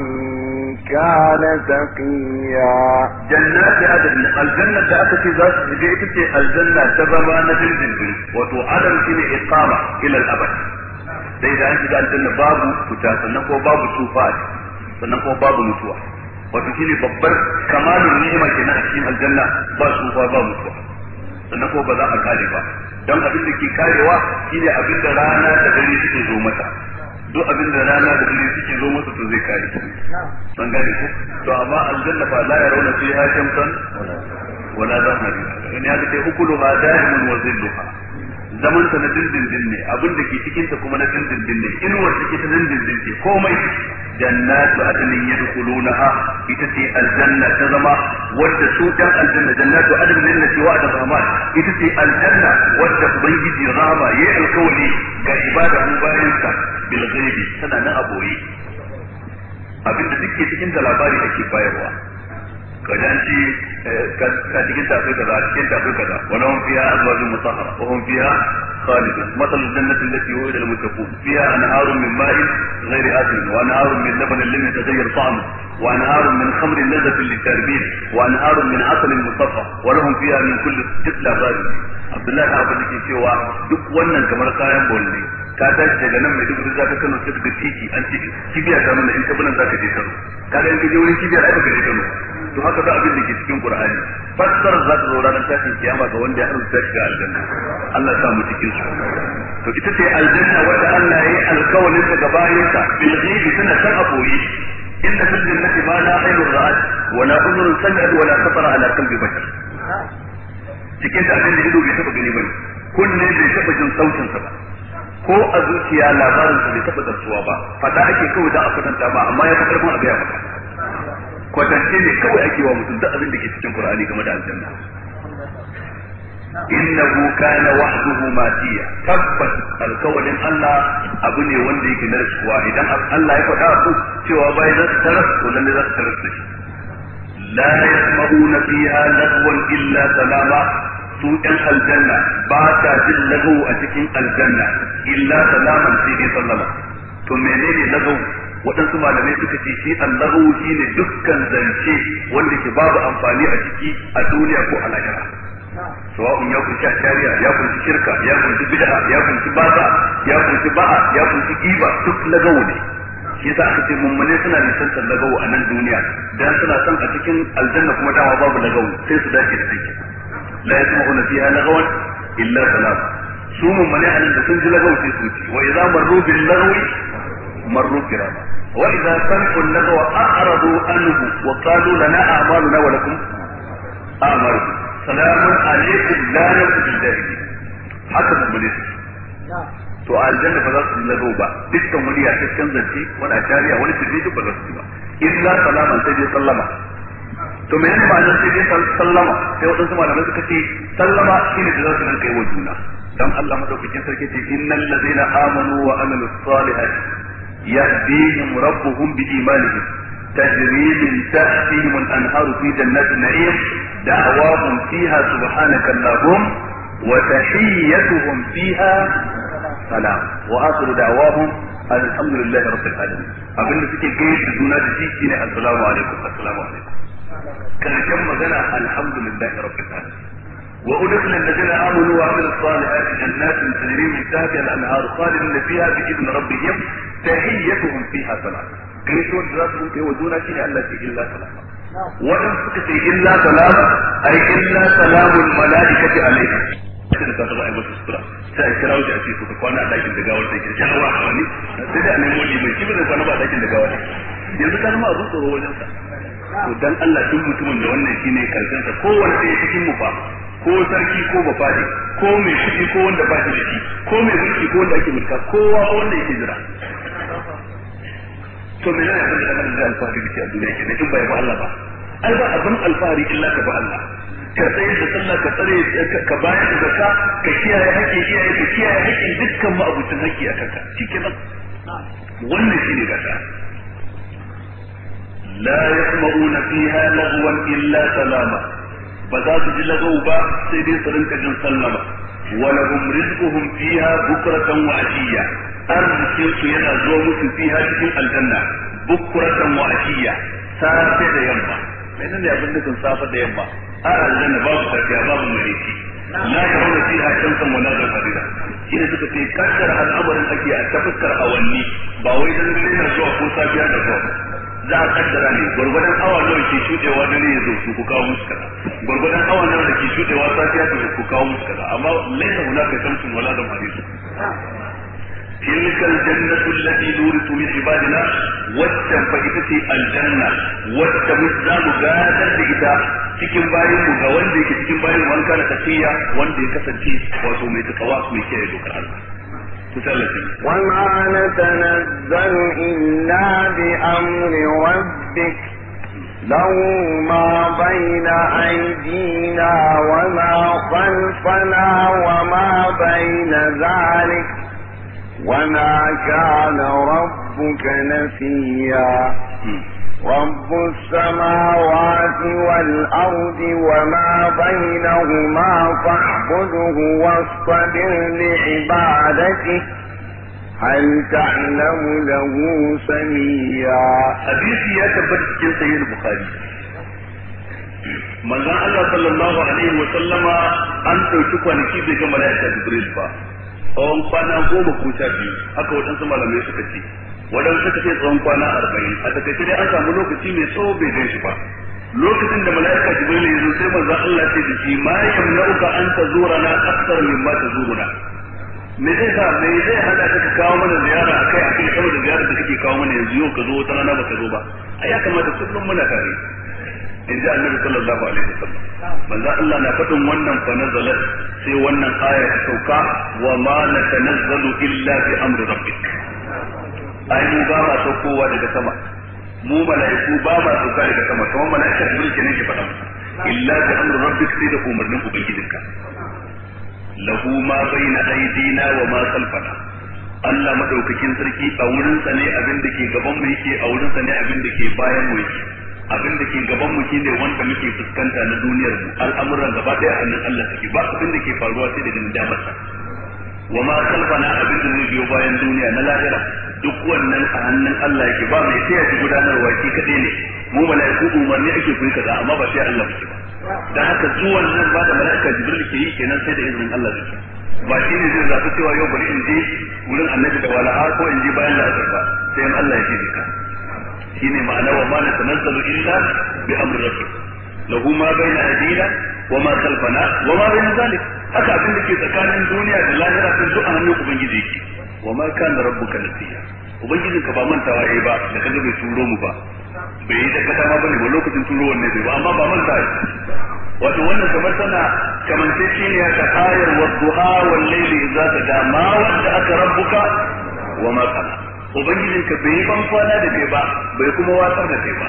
كان تقيا جنات عدن الجنة da aka ce za su shiga ita ce aljanna ta zama na dindindin wato adam shine iqama ila al-abad dai da an shiga babu fita sannan ko babu tufa sannan ko babu mutuwa wato babbar a cikin aljanna ba ba mutuwa sannan ko ba za a kare ba don abin da ke karewa shine abin da rana da dare suke zo mata duk abin da rana da dare suke zo masa to zai kare san gane ko to amma aljanna fa la yarawna fiha shamsan wala zamhariya in ya ce ukuluha da'imun wa zilluha zaman ta na dindindin ne abin da ke cikin ta kuma na dindindin ne inuwar ta ke ta dindindin ce komai jannatu adnin yadkhulunaha ita ce aljanna ta zama wadda su dan aljanna jannatu adnin lati wa'ada rahman ita ce aljanna wadda ubangiji rama yayi alkawari ga ibada mu bayan ka bil ghaibi tana na aboye abin da ke cikin da labari ake bayarwa wajen ci eh, ka cikin tafi kaza cikin tafi kaza wa lahum fiha azwajun mutahhara الصالحين مثل الجنة التي وعد المتقون فيها أنهار من ماء غير آسن وأنهار من لبن لم يتغير طعمه وأنهار من خمر لذة للشاربين وأنهار من عسل مصفى ولهم فيها من كل جبلة غالي عبد الله عبد الله cewa duk wannan kamar kayan bolle ka tashi daga nan mai duk za ka kano sai daga titi an ce ta nuna in ka bunan za ka je to haka za abin da ke cikin qur'ani fassarar za ta zo ranar tashin kiyama ga wanda ya arzuta shiga aljanna Allah ya sa mu cikin to ita ce aljanna wadda Allah ya yi alkawalin ta ga ta. bil ghibi tana san aboyi inna fil jannati ma la aynun ra'at wa la udhun sanad wa la khatara ala qalbi bashar cikin ta abin da ido bai taba gani bane kunne bai taba jin sautin sa ba ko a zuciya labarin sa bai taba zartuwa ba fada ake kawai da aka danta ba amma ya fi karfin a gaya kwatance ne kawai ake wa mutum da abin da ke cikin qur'ani game da aljanna innahu kana wa'duhu matiya tabbas alkawalin Allah abu ne wanda yake na rasuwa idan Allah ya faɗa su cewa bai za su taras to lalle su taras illa salama ɗan aljanna ba ta jin lagawu a cikin aljanna illa salaman sai dai sallama to menene lagawu waɗansu malamai suka ce shi allahu ne dukkan zance wanda ke babu amfani a ciki a duniya ko a lahira sawa'un ya kunshi ashariya ya kunshi shirka ya kunshi bid'a ya kunshi baza ya kunshi ba'a ya kunshi giba duk lagawo ne shi yasa aka ce mummune suna nisantar lagawo a nan duniya dan suna son a cikin aljanna kuma dama babu lagawo sai su dace da aiki la yasma'una fiha lagawan illa salat su mummune a nan da sun ji lagawo sai su ci wa idza marru bil lagawi marru kirama wa idza sami'u lagawa a'radu anhu wa qalu lana a'maluna wa lakum a'malukum salamun alaikum la nakum billahi haka mun ne to a aljanna ba za su lago ba dukkan wani ya cikin zance wani a jariya wani fitri duk ba za su ba illa salaman sai dai sallama to me yana ma'anar sai dai sallama sai waɗansu malamai suka ce sallama shi ne da za su rinka kai wa juna don Allah madaukakin sarki ce innal ladzina amanu wa amilus salihati yahdihim rabbuhum bi imanihim تجري من تحتهم الانهار في جنات النعيم دعواهم فيها سبحانك اللهم وتحيتهم فيها سلام واخر دعواهم الحمد لله رب العالمين abin da suke gani da juna da shi shine assalamu alaikum assalamu alaikum karshen magana alhamdulillah rabbil alamin wa udkhil alladhina amanu wa amilus salihati jannatin tajri min tahtiha al-anhar khalidin fiha bi idni rabbihim tahiyyatuhum fiha salam shi wanda za su rinka wa juna ne Allah ce illa salama wadan suka ce illa salama ai illa salamul malaikati alaihi da ta taba aiwata sutura sai a kira wuce a ce kuka kwana a dakin da gawar sai ke jarawa a wani sai da a nemo mai shi da zai kwana ba a dakin da gawar yanzu ka zama abin tsoro wajen sa to dan Allah duk mutumin da wannan shine karshen sa kowanne ɗaya cikin mu fa ko sarki ko bafade ko mai kuɗi ko wanda ba shi shi ko mai mulki ko wanda ake mulka kowa wanda yake jira to me yana san da kamar da alfahari da ke a duniya ke ne tun bai ba Allah ba ai ba abin alfahari illa ka ba Allah ka tsaye da sallah ka tsare ka bayar da zakka ka kiyaye haƙƙin kiyaye ka kiyaye haƙƙin dukkan ma'abucin haƙƙi a kanka shikenan wannan shine gasa لا يسمعون فيها لغوا إلا سلاما بذات جلغوا با سيدي سرنك جن سلما ولهم رزقهم فيها بكرة وعشية arzikin su yana zuwa musu fiha cikin aljanna bukuratan wa ashiya safe da yamma nan ne abin dukan safe da yamma a aljanna babu tafiya babu mareci la yarawna fiha wani wa la shi ne suka ce kaddar al'amarin ake a tafakkar awanni ba wai dan na zuwa ko safiya da zuwa za a kaddara ne gwargwadon awa nawa ke shudewa dare ya zo su ku kawo musu kaza gwargwadon awa nawa da ke shudewa safiya da ku kawo musu kaza amma laisa hunaka shamsun wala zafira تلك الجنة التي نورث من عبادنا واتم فإتتي الجنة واتم الزام غادر لإتا cikin bayan mu ga wanda yake cikin bayan wani kana tafiya wanda ya kasance wato mai takawa mai kiyaye dokar Allah to ma natanazzalu illa bi له ما بين أيدينا وما خلفنا وما بين ذلك وما كان ربك نسيا رب السماوات والأرض وما بينهما فاعبده واصطبر لعبادته هل تعلم له سميا حديث يتبت في سيد البخاري manzon Allah صلى الله عليه وسلم an شكرا كيف bai ga جبريل tsawon kwana goma ko sha biyu haka waɗansu malamai suka ce waɗansu suka ce tsawon kwana arba'in a takaice dai an samu lokaci mai tsawo bai zai shi ba lokacin da mala'ika jibril ya zo sai manzo Allah ce da shi ma yamnauka an tazurana akthar mimma tazuruna me zai sa me zai hada ka ka kawo mana ziyara akai akai saboda ziyara da kake kawo mana yanzu yau ka zo wata rana ba ka zo ba ai ya kamata kullum muna tare in ji annabi sallallahu alaihi wasallam manzo Allah na fadin wannan fa nazalat sai wannan aya ta sauka wa ma natanazzalu illa bi amri rabbik ai mu ba ma saukowa daga sama mu malaiku ba ma sauka daga sama kamar malaika Jibril ne shi faɗa illa bi amri rabbik sai da umarnin ubangijinka lahu ma bayna aydina wa ma khalfana Allah madaukakin sarki a wurin sa ne abin da ke gaban mu yake a wurin sa ne abin da ke bayan mu yake abin da ke gaban mu shine wanda muke fuskanta na duniyar mu al'amuran gaba daya a nan Allah take ba abin da ke faruwa sai da ganin damar sa wa ma khalfana abin da zai biyo bayan duniya na lahira duk wannan a hannun Allah yake ba mai sai ya ci gudanarwa shi kadai ne mu mala'iku umarni ake kuyi kaza amma ba sai Allah ba dan haka zuwan nan ba da mala'ika Jibril ke yi kenan sai da izinin Allah take ba shi ne zai zaɓi cewa yau bari in je wurin annabi da wala'a ko in je bayan la'asar ba sai in Allah ya ce ka shine ma'ana wa ma natanzalu illa bi amri rabbik lahu ma baina aydina wa ma khalfana wa ma baina zalik haka abin da ke tsakanin duniya da lahira sun zo a hannun ubangiji yake wa ma kana rabbuka nasiya ubangijin ka ba mantawa yayi ba da kaga bai turo mu ba bai yi da kasa ma bane ba lokacin turo wannan bai ba amma ba manta wato wannan kamar tana kamar sai shi ne aka ayar wa duha wal layli idza kada ma wanda aka rabbuka wa ma kana ubangijin ka bai yi kwana da kai ba bai kuma watsar da kai ba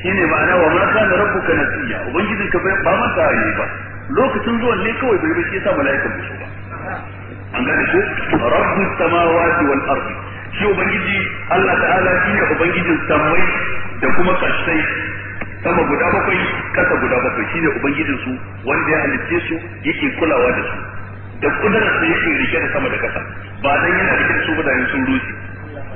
shine ma'ana wa ma kana rabbuka nasiya ubangijin ka bai ba manta yi ba lokacin zuwan ne kawai bai bai sa mala'ikan bisu ba an gane ko rabbus samawati wal ardi shi ubangiji Allah ta'ala shine ubangijin samai da kuma kasai sama guda bakwai kasa guda bakwai shine ubangijin su wanda ya halicce su yake kulawa da su da kudarar da yake rike da sama da kasa ba dan yana rike da su ba da sun rushe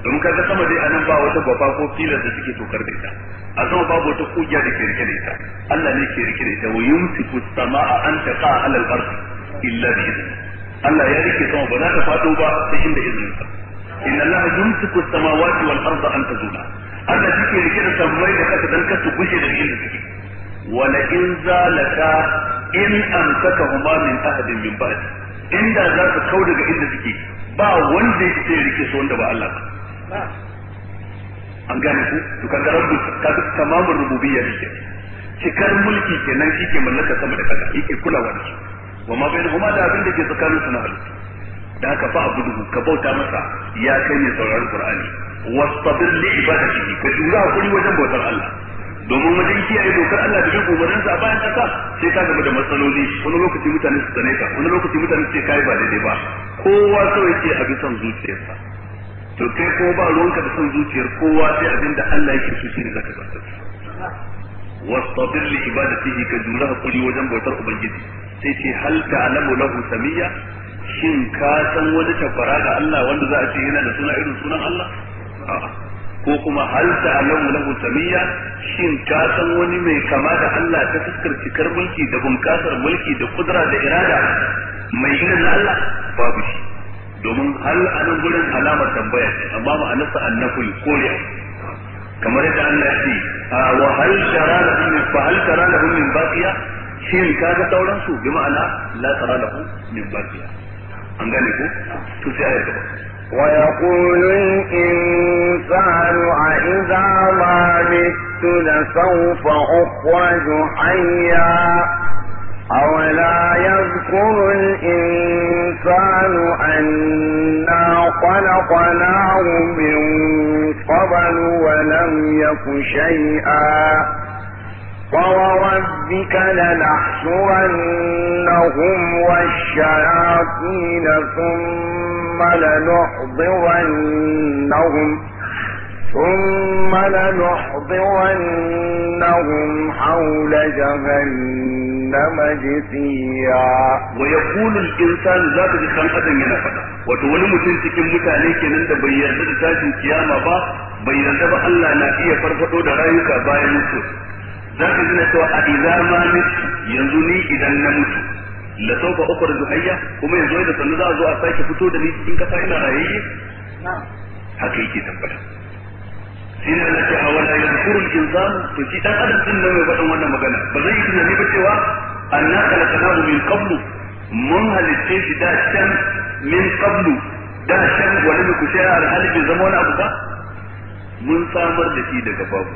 domin kaga sama dai anan ba wata gwafa ko filar da suke tokar da ita a sama babu wata kugiya da ke rike da ita Allah ne ke rike da ita wa yumsiku samaa an taqa ala al-ard illa bi Allah ya rike sama ba za ta fado ba sai inda izinin sa inna Allah yumsiku samawati wal arda an tazula Allah shi ke rike da sammai da kasa dan kasu gushe da inda suke wala in zalaka in amsakahuma min ahadin min ba'di inda za ka kau daga inda suke ba wanda ya rike su wanda ba Allah ba an gane ku to kaga ta duk tamamin rububiyya ne cikar mulki kenan shi ke mallaka sama da kaga yake kulawa da shi wa ma bayan kuma da abin da ke tsakanin su na halittu da haka fa abudu ka bauta masa ya kai ne sauraron qur'ani wastabir li ibadati ka jura kuri wajen bautar Allah domin wajen kiyaye dokar Allah da duk umarnin sa bayan kasa sai ka gaba da matsaloli wani lokaci mutane su tsane ka wani lokaci mutane su ce kai ba daidai ba kowa ya ce a bisan zuciyarsa to kai ko ba ruwanka da son zuciyar kowa sai abin da Allah yake so shine zaka zaka wastabir li ibadatihi ka jura hakuri wajen bautar ubangiji sai ce hal ta'lamu lahu samiyya shin ka san wani tabbara ga Allah wanda za a ce yana da suna irin sunan Allah ko kuma hal ta'lamu lahu samiyya shin ka san wani mai kama da Allah ta fuskar cikar mulki da bunkasar mulki da kudura da irada mai irin Allah babu shi domin hal a nan gurin alamar tambaya amma ma'anarsa annafuri koriya kamar yadda Allah ya ce wa hal tara lahum min fa hal tara lahum min baqiya shin ka ga sauran su bi ma'ana la tara lahum min baqiya an gane ko to sai ayar gaba ويقول الإنسان أإذا ما مت لسوف أخرج حيا أولا يذكر الإنسان أنا خلقناه من قبل ولم يك شيئا فوربك لنحشرنهم والشياطين ثم لنحضرنهم ثم لنحضرنهم حول جهنم جثيا ويقول الإنسان ذاك الإنسان أدن من أفضل وتولم تنسك متعليك أن تبين لتاج القيامة با بين ذب الله ناكية فرفتو درائك باين نسو ذات ذنة أإذا ما نسو ينزني إذا نمسو la sauka ukar zuhayya kuma yanzu da sannu za فتو zo إنك sake رأيه نعم حقيقي cikin shine da ke hawa da yakuru insan to shi dan adam din ne mai faɗin wannan magana ba zai yi tunani ba cewa anna khalaqnahu min qablu mun halitte shi da shan min qablu da shan wani ne ku shayar halibi zama wani abu ba mun samar da shi daga babu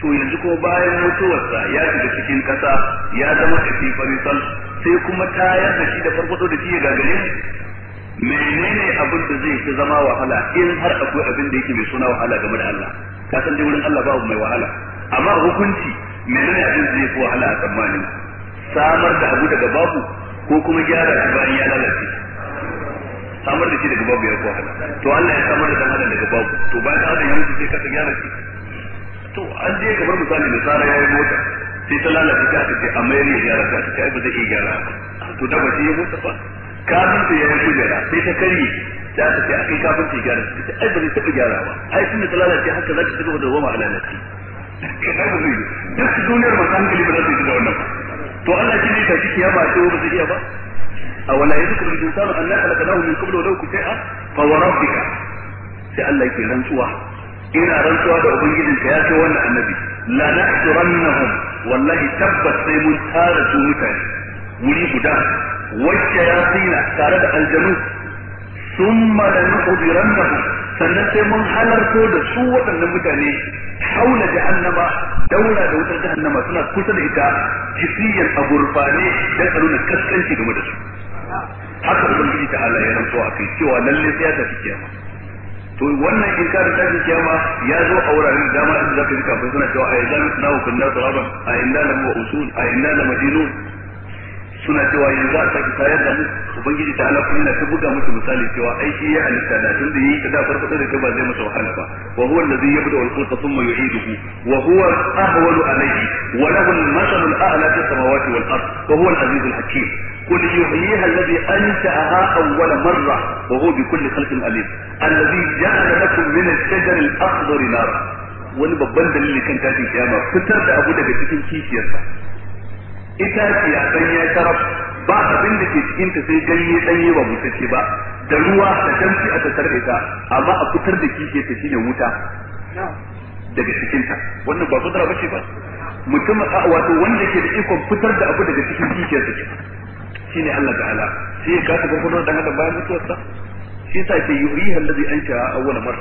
to yanzu ko bayan mutuwarsa ya shiga cikin kasa ya zama kashi farisal sai kuma ta da shi da farfado da shi ya gagare menene abin da zai fi zama wahala in har akwai abin da yake mai suna wahala game da Allah ka san dai wurin Allah babu mai wahala amma hukunci menene abin da zai fi wahala a tsammanin samar da abu daga babu ko kuma gyara shi bayan ya lalace samar da shi daga babu ya fi wahala to Allah ya samar da dan adam daga babu to bayan da ya mutu sai ka gyara shi to an je kamar misali da tsara yayin mota sai ta lalace ta ce amma mayar ya gyara ta ce ai ba zai iya gyara ba to da ba shi ya mutu ba kafinta ya yi gara sai ta karye da aka ce akai kafinta ya gyara ta ai ba zai taɓa gyara ba ai sun ta lalace haka za ka ci gaba da goma a lalace duk duniyar masu hankali ba za su yi da wannan to Allah shi ne ta shi ya ba ce ba zai iya ba a wala yadhkuru al-insanu anna khalaqnahu min qablu wa law kuti'a fa wa rabbika sai Allah ke rantsuwa ina rantsuwa da ubangijinka ya ce wannan annabi la nahsurannahum wallahi tabbas sai mun tara su mutane wuri guda والشياطين تارد الجنود ثم لنحضرنهم sannan sai mun halarto da su waɗannan mutane haula jahannama daura da wutar jahannama suna kusa da ita jisiyar a gurfane da tsaro na kaskanci game da su haka ubangiji ta Allah ya rantsuwa a kai cewa lalle sai ya tafi kiyama to wannan in inkarin tafi kiyama ya zo a wuraren da dama inda ka yi kafin suna cewa a yanzu na hukunna turaban a inna lamu wa usul a inna lamadinun suna cewa yanzu a saki tayar da mu ubangiji ta ala kuma ta buga musu misali cewa ai shi ya halitta da tun da yi ta da farfada da ta ba zai masa wahala ba wa huwa allazi yabda al khalqa thumma yu'iduhu wa huwa ahwalu alayhi wa lahu al masal al a'la fi samawati wal ard wa huwa al aziz al hakim قل يحييها الذي أنشأها أول مرة وهو بكل خلق أليم الذي جعل لكم من الشجر الأخضر نارا wani babban dalili kan tashin kiyama fitar da abu daga cikin kishiyarsa itaciya sanya sharaf ba abin da ke cikin ta sai ganye danye ba mutace ba da ruwa da damshi a tattar da ita amma a fitar da kike ta shine wuta daga cikin ta wannan ba ba bace ba mutum a wato wanda ke da ikon fitar da abu daga cikin kike ta shine Allah ta'ala shi ya kasa gurbin dan adam bayan sa shi yasa ke yuriha allazi a awwala mar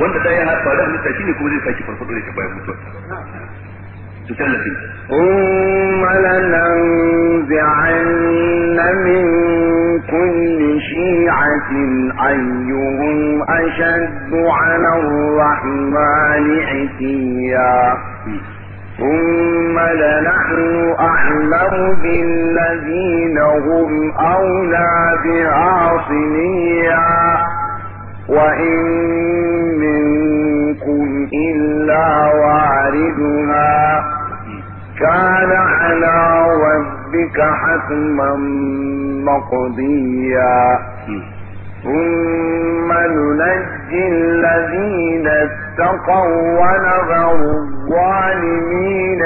wanda da ya fara mutsa shine kuma zai saki farko da bayan sa. ثم لننزعن من كل شيعة أيهم أشد على الرحمن عتيا ثم لنحن أعلم بالذين هم أولى بها وإن منكم إلا واردها كان على ربك حتما مقضيا ثم ننجي الذين اتقوا ونذر الظالمين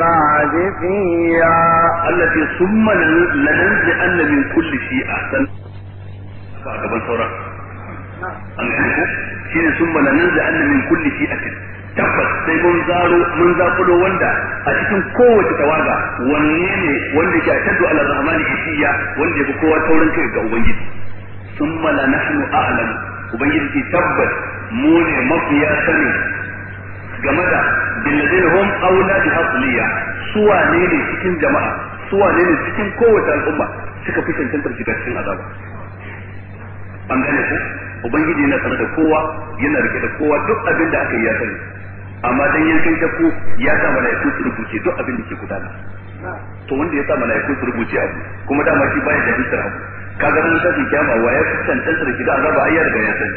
بعد جثيا التي ثم لننجي أن من كل شيء أحسن بعد بل فورا نعم. أن ثم لننجي أن من كل شيء أحسن tabbas sai mun zaro mun zakulo wanda a cikin kowace tawaga wanne ne wanda ke ashaddu ala rahmani isiya wanda fi kowa taurin kai ga ubangiji na la nahnu a'lam ubangiji ke tabbas mu ne mafiya sani game da billadin hum aula bi hasliya suwa ne ne cikin jama'a suwa ne ne cikin kowace al'umma suka fi cancantar shiga cikin azaba an gane ku ubangiji yana tsare da kowa yana rike da kowa duk abin da aka yi ya sani amma dan yankin shakku ya sa malaiku su rubuce duk abin da ke gudana to wanda ya sa malaiku su rubuce abu kuma dama shi baya da bisar abu kaga nan sai kiyama wa ya tantance da shiga azaba ayya daga ya sani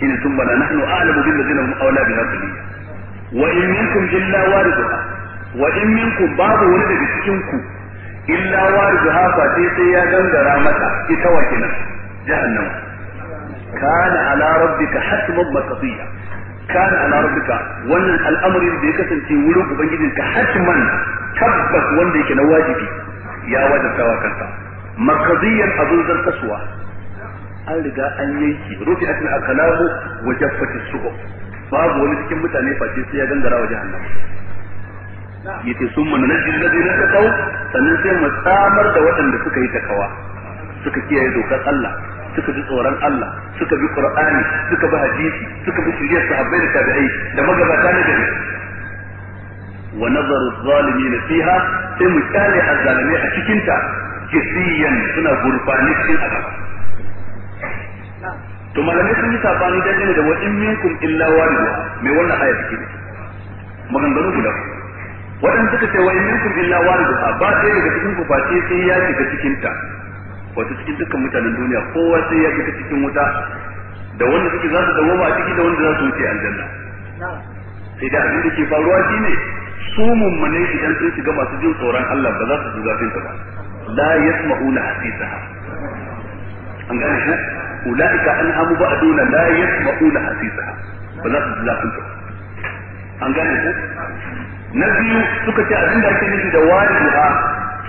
kin sun bana nahnu a'lamu bil ladina hum awla bi nafsihi wa in minkum illa waridha wa in minkum babu wani daga cikin ku illa waridha fa sai sai ya gangara mata ita wa kenan jahannama kana ala rabbika hasban maqdiya kana ala rabbika wannan al'amarin da ya kasance wurin ubangijinka hatman tabbas wanda yake na wajibi ya wajabtawa kansa makadiyan abin zartaswa an riga an yanki rufi akan akalamu wa jaffati suhuf babu wani cikin mutane face sai ya gangara wa jahannama yace summa nunajjil ladina taqaw sannan sai mu samar da waɗanda suka yi takawa suka kiyaye dokar Allah suka bi tsoron Allah suka bi Qur'ani suka bi hadisi suka bi shirye sahabbai da tabi'ai da magabata ne gari wa nazaru zalimin fiha sai mu kyale azzalimai a cikin ta kisiyan suna gurfani cikin azaba to malamai sun yi sabani dangane da wa in minkum illa walidu mai wannan aya take ne maganganu guda waɗanda suka ce wa in minkum illa walidu ba sai daga cikin ku face sai ya shiga cikin ta wato cikin dukkan mutanen duniya kowa sai ya fita cikin wuta da wanda suke za su ba a ciki da wanda za su wuce aljanna sai da abin da ke faruwa shine su mummune idan sun shiga masu jin tsoron Allah ba za su ji zafin ba la yasma'una hadisa an gane ku ulaika an amu ba aduna la yasma'una hadisa ba za su ji zafin ba an gane ku na biyu suka ce abin da ake nufi da wariha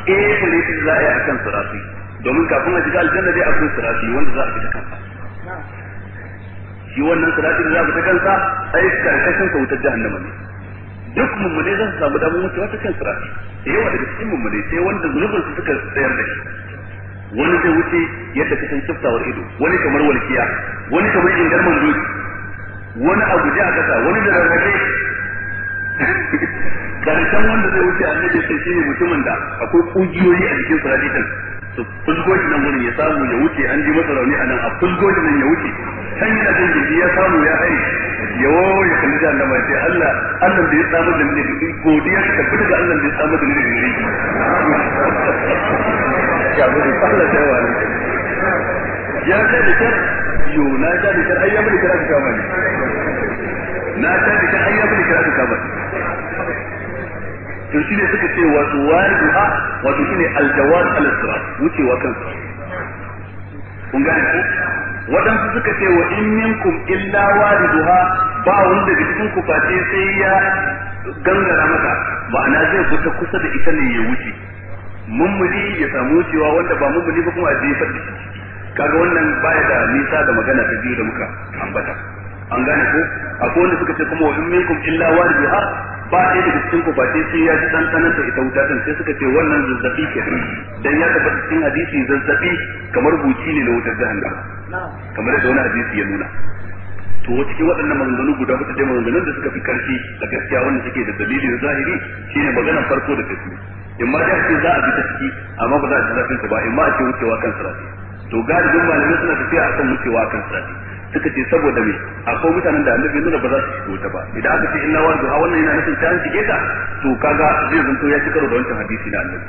eh ne za a yi akan sirafi domin kafin a shiga aljanna dai akwai sirati wanda za a fita kansa shi wannan sirati da za a fita kansa ai karkashin sa wutar jahannama ne duk mummune zan samu damar wata ta kan sirati da yawa daga cikin mummune sai wanda zunubin su suka tsayar da shi wani zai wuce yadda kasan kiftawar ido wani kamar walkiya wani kamar ingarman doki wani a guje a kasa wani da rarrafe karshen wanda zai wuce a annabi sai ne mutumin da akwai kungiyoyi a jikin sirati kansa su fulgo shi nan wurin ya samu ya wuce an ji masa rauni a nan a fulgo nan ya wuce can yana jin jiki ya samu ya ai ya wawo ya kalli da annaba ya ce Allah Allah da ya samu da ne godiya ta tabbata ga Allah da ya samu da ni ne ne ya mu da Allah ta wani ya ce da kar yo na ta da kar ayyamu da kar ka kama ne na ta da kar ayyamu da kar ka kama to shi ne suka ce wato waridu ha wato shi ne al-sirat wucewa kan kun gane ko waɗansu suka ce wa in minkum illa ha ba wani daga cikin ku face sai ya gangara maka ma'ana zai fita kusa da ita ne ya wuce mummuni ya samu wucewa wanda ba mummuni ba kuma a jefar da shi kaga wannan baya da nisa da magana ta biyu da muka ambata an gane ko akwai wanda suka ce kuma wa minkum illa waliha ba ɗaya daga cikin ku ba sai sai ya ji dan sanar da ita wuta sai suka ce wannan zazzabi ke dan ya tabbata cikin hadisi zazzabi kamar buci ne na wutar jahanna kamar da wani hadisi ya nuna to cikin waɗannan maganganu guda huɗu dai maganganun da suka fi karfi da gaskiya wanda suke da dalili da zahiri shine maganar farko da tafi in ma da ce za a bi ta ciki amma ba za a ci zafin ta ba in ma a ce wucewa kan sarafi to galibin malamai suna tafiya akan wucewa kan sirati suka ce saboda me akwai mutanen da annabi nuna ba za su shigo ta ba idan aka ce inna wa duha wannan yana nufin ta shige ta to kaga zai zanto ya cikaro da wancan hadisi na annabi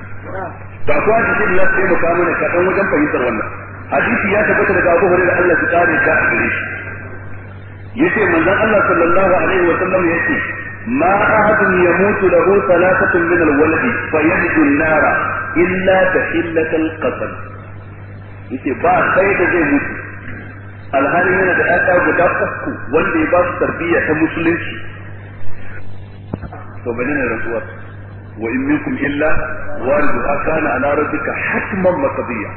to akwai hadisi da zai maka mana ka dan wajen fahimtar wannan hadisi ya tabbata daga Abu da Allah ya kare ka a gare shi Ya ce manzon Allah sallallahu alaihi wa sallam ya yace ما أحد يموت له ثلاثة من الولد فيجد النار إلا تحلة القتل yace ba sai da zai mutu alhalin yana da ɗaya guda uku wanda ya ba su tarbiyya ta musulunci to bane ne rantsuwar wa in minkum illa waridu akana ala rabbika hatman maqdiya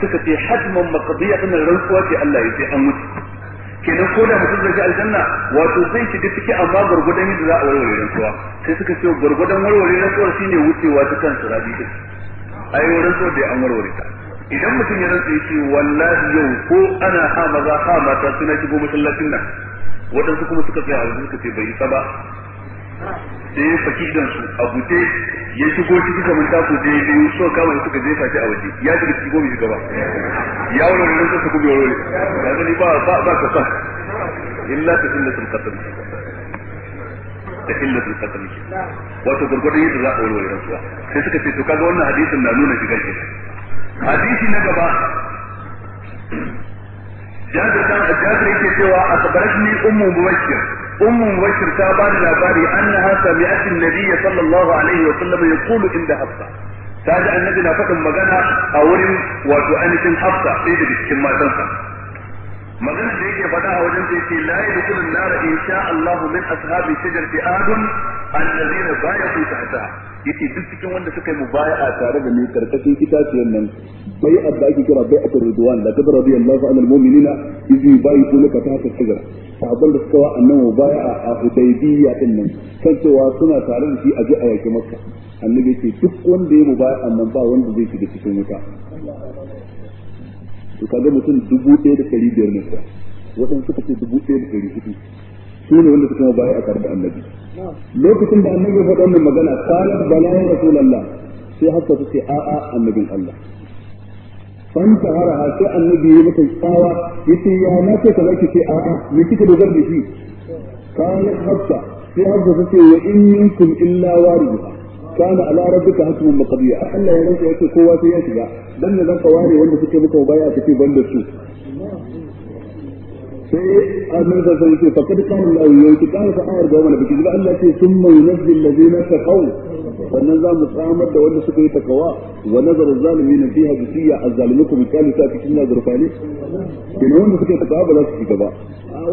suka ce hatman maqdiya kana rantsuwa ce Allah ya ce an mutu kenan ko da mutum zai aljanna wato zai shiga ciki amma gurgudan yadda za a warware rantsuwa sai suka ce gurgudan warware rantsuwar shine wucewa ta kan surabi ai rantsuwar da an warware ta idan mutum ya rantsa yace wallahi yau ko ana ha maza ha mata suna shigo masallacin nan waɗansu kuma suka tsaya a wajen suka ce bai isa ba sai ya faki idan su a bude ya shigo shi kamar ta ku je biyu so kama ya suka jefa shi a waje ya shiga shigo mai shiga ba ya wani wani rantsa gobe wani ya gani ba ba ba ka san illa ta illa sun kasar ta illa sun kasar wato gwargwadon yadda za a wani wani rantsuwa sai suka ce to kaga wannan hadisin na nuna shigar kenan hadisi na gaba jabir yake cewa akbaratni ummu mubashir ummu mubashir ta ba da labari annaha sami'at an-nabiy sallallahu alaihi wa sallam yaqulu inda hafsa ta ji annabi na faɗin magana a wurin wato ainihin hafsa sai da cikin matansa magana da yake faɗa a wajen sai ce la yadkhulu an-nar sha Allah min ashabi shajarati adun alladhina bayatu tahtaha yace duk cikin wanda suka yi mubaya'a tare da ni karkashin itaciyar nan bai abda ake kira bai atur ridwan da kabar radiyallahu anil mu'minina ka ta tahta shajara Sabon da suka wa annan mubaya'a a hudaybiyya din nan kan cewa suna tare da shi a ji a yaki makka annabi yace duk wanda ya mubaya'a nan ba wanda zai shiga cikin wuta to kaga mutum dubu ɗaya da ɗari biyar ne waɗansu suka ce dubu ɗaya da ɗari hudu su ne wanda suka mubaya'a tare da annabi lokacin da annabi ya faɗa wannan magana qalat bala ya rasulullah sai haka suke a a annabin Allah fanta haraha sai annabi ya mata tsawa yace ya na ce kaza ki ce a a me kika dogar da shi qalat hafsa sai haka suke wa in minkum illa waridha kana ala rabbika hasbun maqdiya Allah ya rantsa yake kowa sai ya shiga dan ne zan kaware wanda suke muka baya take banda su sai annabi sallallahu alaihi wasallam faqad kana Allah yauki kana sa'ar da wannan biki Allah ce summa yunzi allazina taqaw wannan za mu samar da wanda suka yi takawa wa nazar zalimin fiha jisiya azzalimukum misali ta cikin nazar fali ina wanda suka yi takawa ba za su shiga ba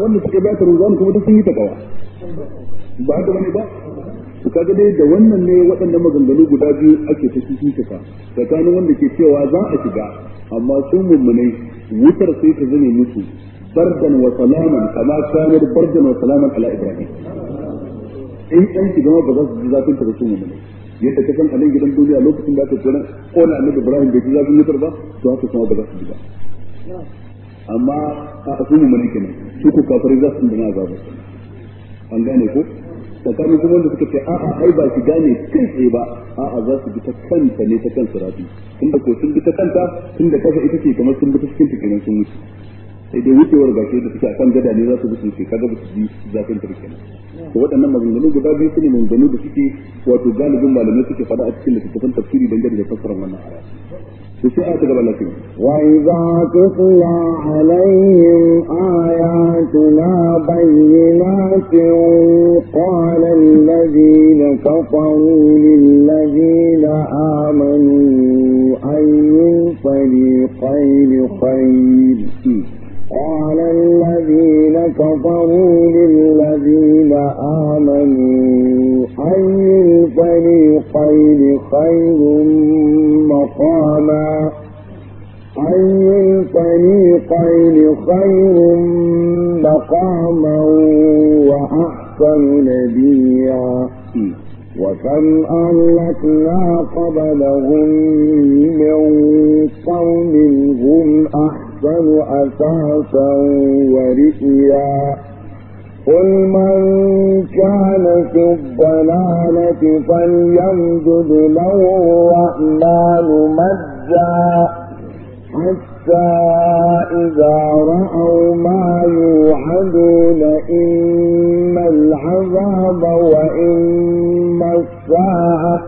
wanda suka yi batar ruwan kuma duk sun yi takawa ba haka bane ba to kaga dai da wannan ne waɗannan maganganu guda biyu ake ta cikin kasa tsakanin wanda ke cewa za a shiga amma sun mummunai wutar sai ta zame musu bardan wa salaman kama kanar bardan wa salaman ala ibrahim in an shiga ma ba za su ji zafin ta su mu yadda ka san a nan gidan duniya lokacin da aka tsira ko na annabi ibrahim bai ji zafin mutar ba to haka kuma ba za su ji ba amma a su mu mun kenan su ko kafirai za su dana azaba an gane ko tsakanin kuma wanda suka ce a'a ai ba ki gane kai tsaye ba a'a za su bi ta kanta ne ta kan sirafi tunda ko sun bi ta kanta tunda kasa ita ce kamar sun bi ta cikin kenan sun mutu sai dai wucewar gashi da suke a kan gada ne za su bi su ce kaga ba su ji zafin ta ne to waɗannan maganganu guda biyu su ne maganganu da suke wato galibin malamai suke faɗa a cikin littattafan tafsiri dangane da tafsirin wannan aya وإذا تتلى عليهم آياتنا بينات قال الذين كفروا للذين آمنوا أي الفريقين خير قال الذين كفروا للذين آمنوا حي الفريقين خير مقاما حي الفريقين خير مقاما وأحسن نبيا وكم أهلكنا قبلهم من قوم هم أحسن أحسن أساسا ورئيا قل من كان في الضلالة فليمدد له الرحمن مدا حتى إذا رأوا ما يوعدون إما العذاب وإما الساعة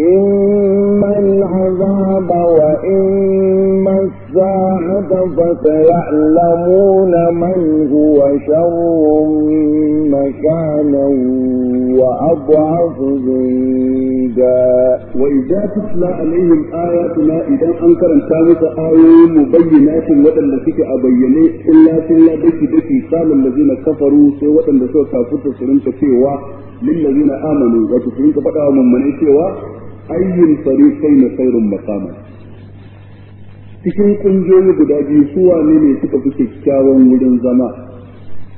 إما العذاب وإما الساعة فسيعلمون من هو شر مكانا وأضعف جندا وإذا تتلى عليهم آياتنا إذا أنكر الثالث آية مبينات وأن لك أبيني إلا إلا بك بك قال الذين كفروا سوى أن لسوى كافرت سرنك سوى للذين آمنوا وتسرنك بقى من منعك أي الفريقين خير مقاما cikin kungiyoyi guda biyu su wane ne suka fi kyakkyawan wurin zama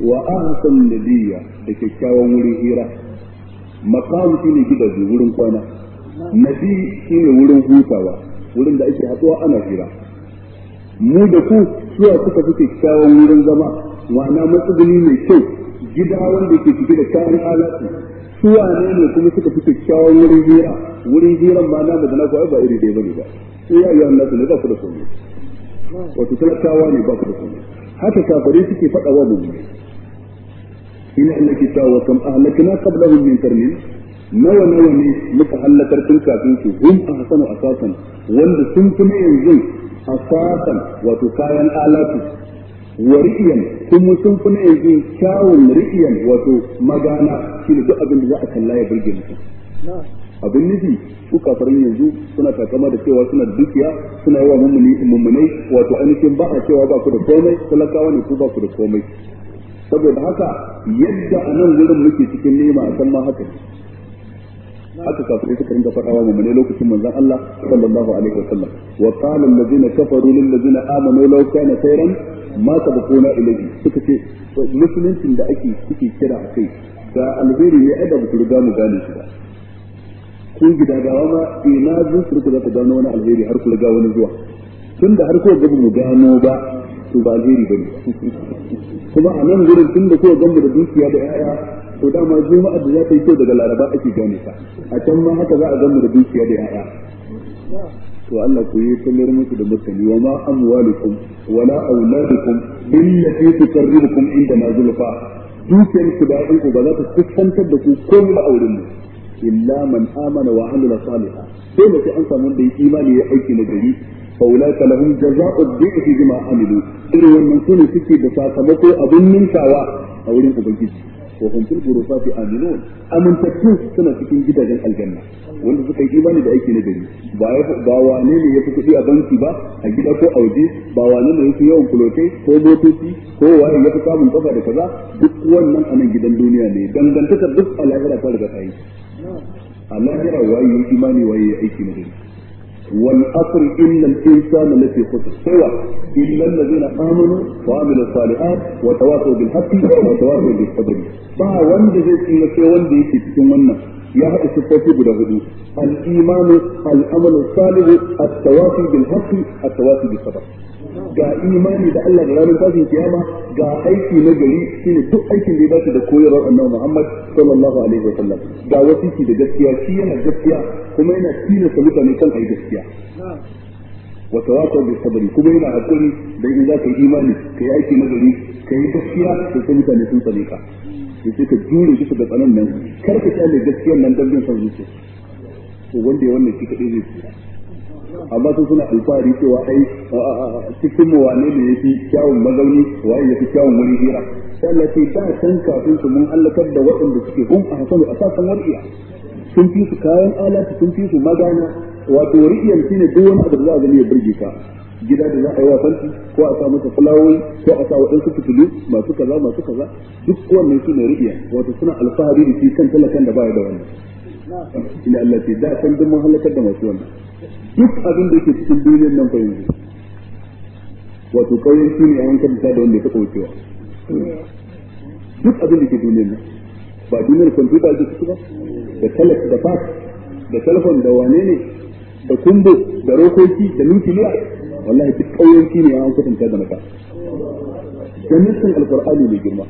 wa ahsan nabiyya da kyakkyawan wurin hira maqam shine bi wurin kwana nabi shine wurin hutawa wurin da ake haɗuwa ana hira mu da ku suwa suka fi kyakkyawan wurin zama ma'ana matsuguni mai kyau gida wanda ke cike da kayan alatu suwa ne ne kuma suka fi kyakkyawan wurin hira wurin hiran ma na da na ba iri ɗaya bane ba sai eh, ya ayyuhan nasu ne ba ku da tsoro wato talakawa ne ba ku da tsoro haka kafirai suke faɗa wa mu'mini ina annaki ta wa kam ahlakna qablahum min qarnin nawa nawa ne muka halakar tun kafin su hum ahsanu asasan wanda sun fi yanzu asasan wato kayan alatu wa ri'iyan kuma sun fi na yanzu kyawun ri'iyan wato magana shi ne duk abin da za a kalla ya burge mutum abin nufi su kafarin yanzu suna takama da cewa suna dukiya suna yawa mummunai wato ainihin ba a cewa ba ku da komai talakawa ne ku ba ku da komai saboda haka yadda a nan wurin muke cikin nema a san ma haka haka kafirai suka rinka faɗawa mummunai lokacin manzon Allah sallallahu alaihi wasallam wa qala allazina kafaru lil ladzina amanu law kana khairan ma sabaquna ilayhi suka ce musuluncin da ake suke kira akai da alheri ne ai da ku riga mu gane shi ba ko gida gidagawa ma ina zuciyar ku za ta gano wani alheri har ku riga wani zuwa tun da har ko ga mu gano ba to ba alheri ba ne kuma a nan gurin tun da ko gamu da dukiya da yaya to dama juma'a da za ta yi kyau daga laraba ake gane ta a can ma haka za a gamu da dukiya da yaya to Allah ku yi kallar musu da masani wa ma amwalukum wala auladukum illati tuqarribukum inda nazulfa dukiyar ku da ku ba za ta kusantar da ku komai auren mu illa man amana wa amila salihan sai mutum an samu da imani ya aiki na gari فأولئك لهم جزاء الضعف بما عملوا إلى ومن كل سكي بساقبته أظن من سوا أولين أبنجيس وهم في الغرفات آمنون أمن تكون سنة سكين جدا جن الجنة wanda suka yi imani da aiki na gari ba wane ne ya kuɗi a banki ba a gida ko a waje ba wane ne ya yawan kulotai ko motoci ko waye ya samun kafa da kaza duk a nan gidan duniya ne dangantakar duk a ta riga a lahira waye imani waye ya aiki na gari wal asr innal insana lafi khusr sawa illa allazina amanu wa amilu salihat wa tawasaw bil haqqi wa tawasaw bis sabr ba wanda zai tsira sai wanda yake cikin wannan ya haɗa siffofi guda hudu al imanu al amalu salihu at tawafi bil haqqi at tawafi bis sabr ga imani da Allah da ranar tashin kiyama ga aiki na gari shine duk aikin da ya dace da koyarwar Annabi Muhammad sallallahu alaihi wa sallam ga wasiki da gaskiya shi yana gaskiya kuma yana sa mutane kan ayi gaskiya wa tawakkal bi sabri kuma yana hakuri dan in zaka yi imani kai aiki na gari kai gaskiya to sai mutane sun tsare ka sai ka jure kisa da tsanan nan kar ka tsale gaskiyar nan dan bin san zuciya to wanda ya wannan shi kadai zai tsira amma sun suna alfahari cewa ai cikin mu wane ne yafi kyawun mazauni waye yafi kyawun wani hira sai Allah ce da san kafin su mun halakar da waɗanda suke hun a hasanu a san wariya sun fi su kayan alatu sun fi su magana wato ri'iyan ne duk wani abu da za a gani ya burge ka gida da za a yi wa fanti ko a sa masa fulawoyi ko a sa waɗansu fitilu masu kaza masu kaza duk wannan su ne ribiya wato suna alfahari da shi kan talakan da baya da wannan Ina Allah ce da san duk mun halakar da masu wannan duk abin da yake cikin duniyar nan fa yanzu wato kauyen shi ne an kanta da wanda ya taɓa wucewa duk abin da ke duniyar nan ba duniyar kwamfuta ake ciki ba da talak da fax da telefon da wane ne da kumbo da rokoki da nukiliya wallahi duk kauyen shi ne an kanta da maka jami'in alkur'ani mai girma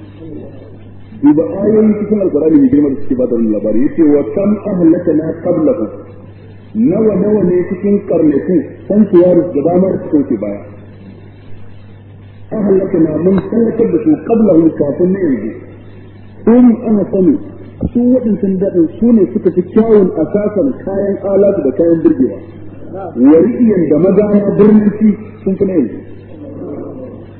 duba ayoyi cikin alkur'ani mai girma da suke ba da wani labari yace wa kam ahlakana qablahu nawa nawa ne cikin karnaku san tuwaru da damar su ke baya an halaka na mun da su kabla hun kafin na yanzu in ana sani su waɗancan daɗin su ne suka fi kyawun asasan kayan alatu da kayan birgewa wari'iyan da magana birnin sun fi na yanzu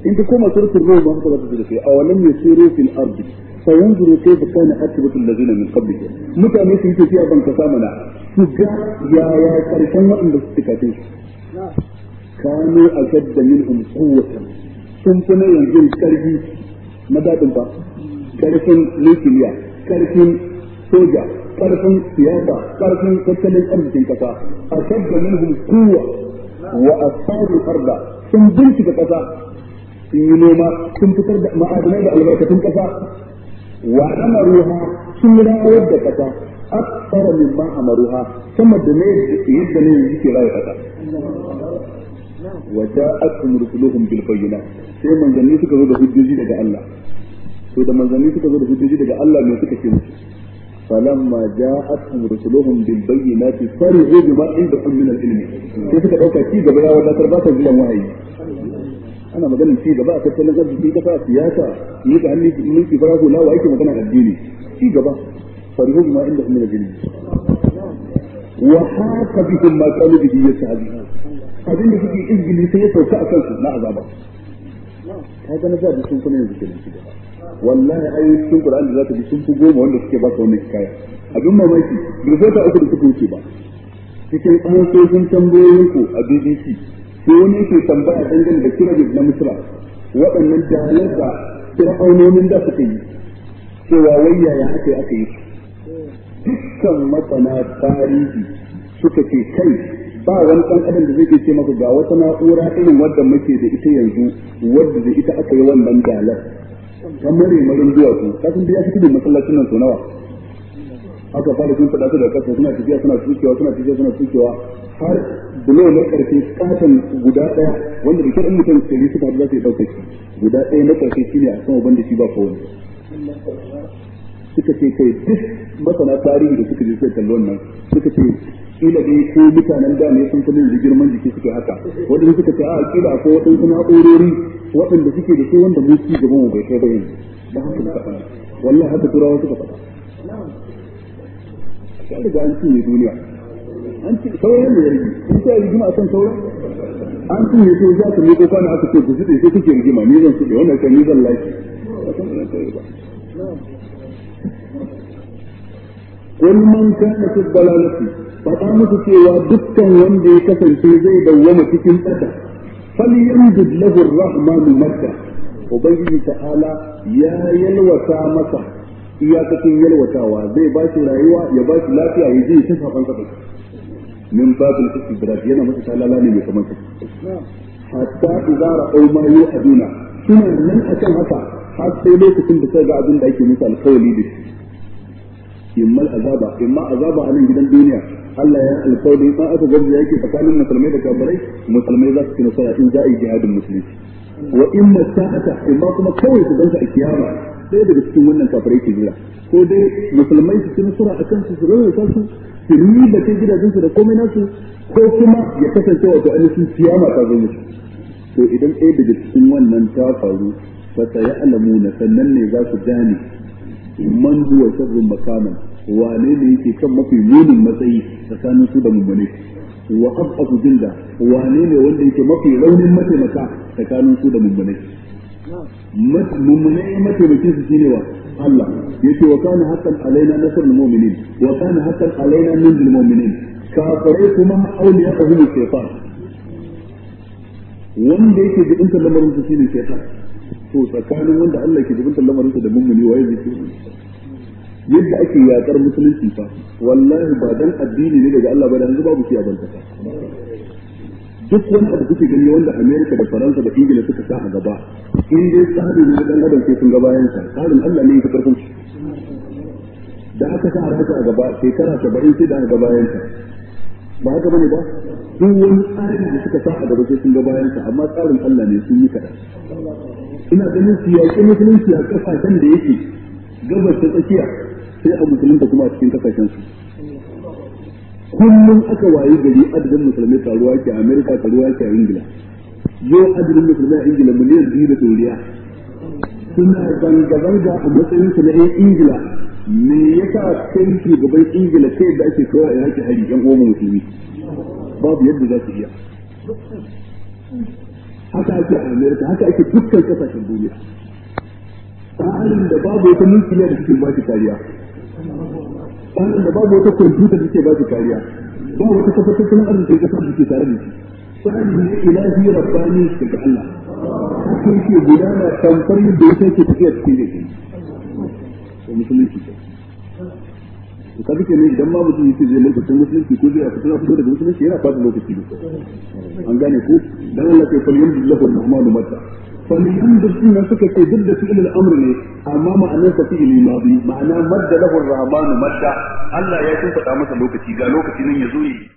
in ta koma suratul rum ba haka za ta zurfe a walam yasiru fil ardi fayanzuru kayfa kana da zina min qablihim mutane su yi tafiya ban kasa mana su ga yaya karshen waɗanda su kafe su a ashadda minhum quwwatan sun fi na yanzu karfi na daɗin ba karfin nukiliya karfin soja karfin siyasa karfin tattalin arzikin kasa A ashadda minhum quwwa wa asaru arda sun bincika kasa sun yi noma sun fitar da ma'adanai da albarkatun kasa wa amaruha sun rayar da kasa akthara mimma amaruha sama da ne yadda ne yake rayar kasa wa ja'atkum rusuluhum bil bayyinat sai manzanni suka zo da hujjoji daga Allah to da manzanni suka zo da hujjoji daga Allah me suka ce musu فلما جاءتهم رسلهم بالبينات فرحوا بما عندهم من العلم كيف تدوكا كي wadatar ba ta تزلم وحي ana maganar ci gaba a tattalin arziki kasa siyasa ni ka hannu mulki bara ko, wa yake magana addini ci gaba farihum ma inda kuma jini wa haka bihim ma qalu bihi yasabi abin da suke izgili sai ya sauka akan su na azaba ka ga na zabi sun kuma ne kenan ci gaba wallahi ayoyi cikin Qur'ani da zaka ji sun fi goma wanda suke ba ka wannan kaya abin mamaki bai zo ta uku da suka wuce ba cikin amsoshin tambayoyinku a BBC Ko ne ke tambaya dangane da kira na misra waɗannan jahalansa fir'aunonin da suka yi cewa wai yaya aka yi aka yi dukkan masana tarihi suka ce kai ba wani ɗan adam da zai ce maka ga wata na'ura irin wadda muke da ita yanzu wadda da ita aka yi wannan dalar kamar mare marin su kasan da ya fi tudun masallacin nan sau nawa aka fara sun faɗa su da kasa suna tafiya suna tukewa suna tafiya suna tukewa har da bulo na karfe katon guda ɗaya wanda da kiran mutum tsari suka haɗu za su yi ɗauka shi guda ɗaya na karfe shi ne a sama banda shi ba kowane suka ce kai duk masana tarihi da suka je suka kalli wannan suka ce kila dai ko mutanen da ne sun kullun da girman jiki suke haka wadanda suka ce a kila akwai waɗansu na'urori waɗanda suke da su wanda mu ci gaban mu bai kai ba yanzu da haka suka faɗa wallahi haka turawa suka faɗa shi an an cinye duniya an ci sauran ne yarki in ta rigima akan sauran an cinye to za ka aka ce ku zuɗe sai kuke rigima ni zan suɗe wannan kan ni zan faɗa musu cewa dukkan wanda ya kasance zai dawwama cikin ƙasa falyamdud lahu ar-rahmanu madda ubangiji ta'ala ya yalwata masa iyakacin yalwatawa zai ba shi rayuwa ya ba shi lafiya ya je ya tafa fansa da min babul istidrak yana masa talala ne mai kamar sa hatta idara ra'aw ma yu'aduna suna nan kan haka har sai lokacin da sai ga abin da ake musu alkawari da shi imma azaba imma azaba a nan gidan duniya Allah ya alkawari ba aka gaji yake tsakanin musulmai da kafirai musulmai za su ci nasara in za a yi jihadin musulmi wa imma sa'ata imma kuma kawai su ganta a kiyama sai daga cikin wannan kafirai ke jira ko dai musulmai su ci sura a kansu su rarrasa su su riba kai gidajensu da komai nasu ko kuma ya kasance wato ainihin siyama ta zo musu to idan ɗaya daga cikin wannan ta faru fa na sannan ne za su gane man huwa sharrun makaman wane ne yake kan mafi munin matsayi tsakanin su da mummune wa abu jinda wane ne wanda yake mafi raunin mataimaka tsakanin su da mummune mummunai mataimakin su shine wa Allah yace wa kana haqqan alaina nasrul mu'minin wa kana haqqan alaina nunjil mu'minin Kafare kuma auliya ahum shaytan wanda yake jibin lamarin su shine shaytan to tsakanin wanda Allah ke jibin lamarin su da mummuni waye zai yadda ake yakar musulunci fa wallahi ba dan addini ne daga Allah ba dan babu shi a bantaka duk wani abu kuke gani wanda Amerika da Faransa da Ingila suka sa a gaba in dai tsari ne dan adam sai sun ga bayan sa tsarin Allah ne ya karfin shi da aka sa haka a gaba shekara 70 sai da aka ga bayan sa ba haka bane ba duk wani tsari da suka sa a gaba sai sun ga sa amma tsarin Allah ne sun yi kada ina ganin su yaƙi musulunci a kasashen da yake gabas ta tsakiya sai a musulunta kuma a cikin kasashen su kullum aka wayi gari adadin musulmi karuwa ke a amerika karuwa ke a ingila yau adadin musulmi a ingila miliyan biyu da doriya suna zanga-zanga a matsayin su na yan ingila me ya sa kai shugaban ingila kai da ake kawo a yaki hari yan goma musulmi babu yadda za su iya haka ake a amerika haka ake dukkan kasashen duniya tsarin da babu wata mulkiya da cikin ba shi kariya tsarin da babu wata kwamfuta da ke ba shi kariya ba wata kafa tattalin arziki da kasar da ke tare da shi tsarin ne ilahi rabbani daga Allah haka yake gudana tamfar da yake yake tafiya cikin da shi to musulunci to kaga ke ne idan ma mutum yake zai mulka musulunci ko zai a fitar fito daga musulunci yana fata lokaci ne an gane ko dan Allah ke kullu lahu rahmanu mata sannan yan dirsin nan suka ce duk da filin amri ne amma ma'anar sa fi'il madi ma'ana madda lahu ar-rahman madda Allah ya tunta masa lokaci ga lokaci nan ya zo yi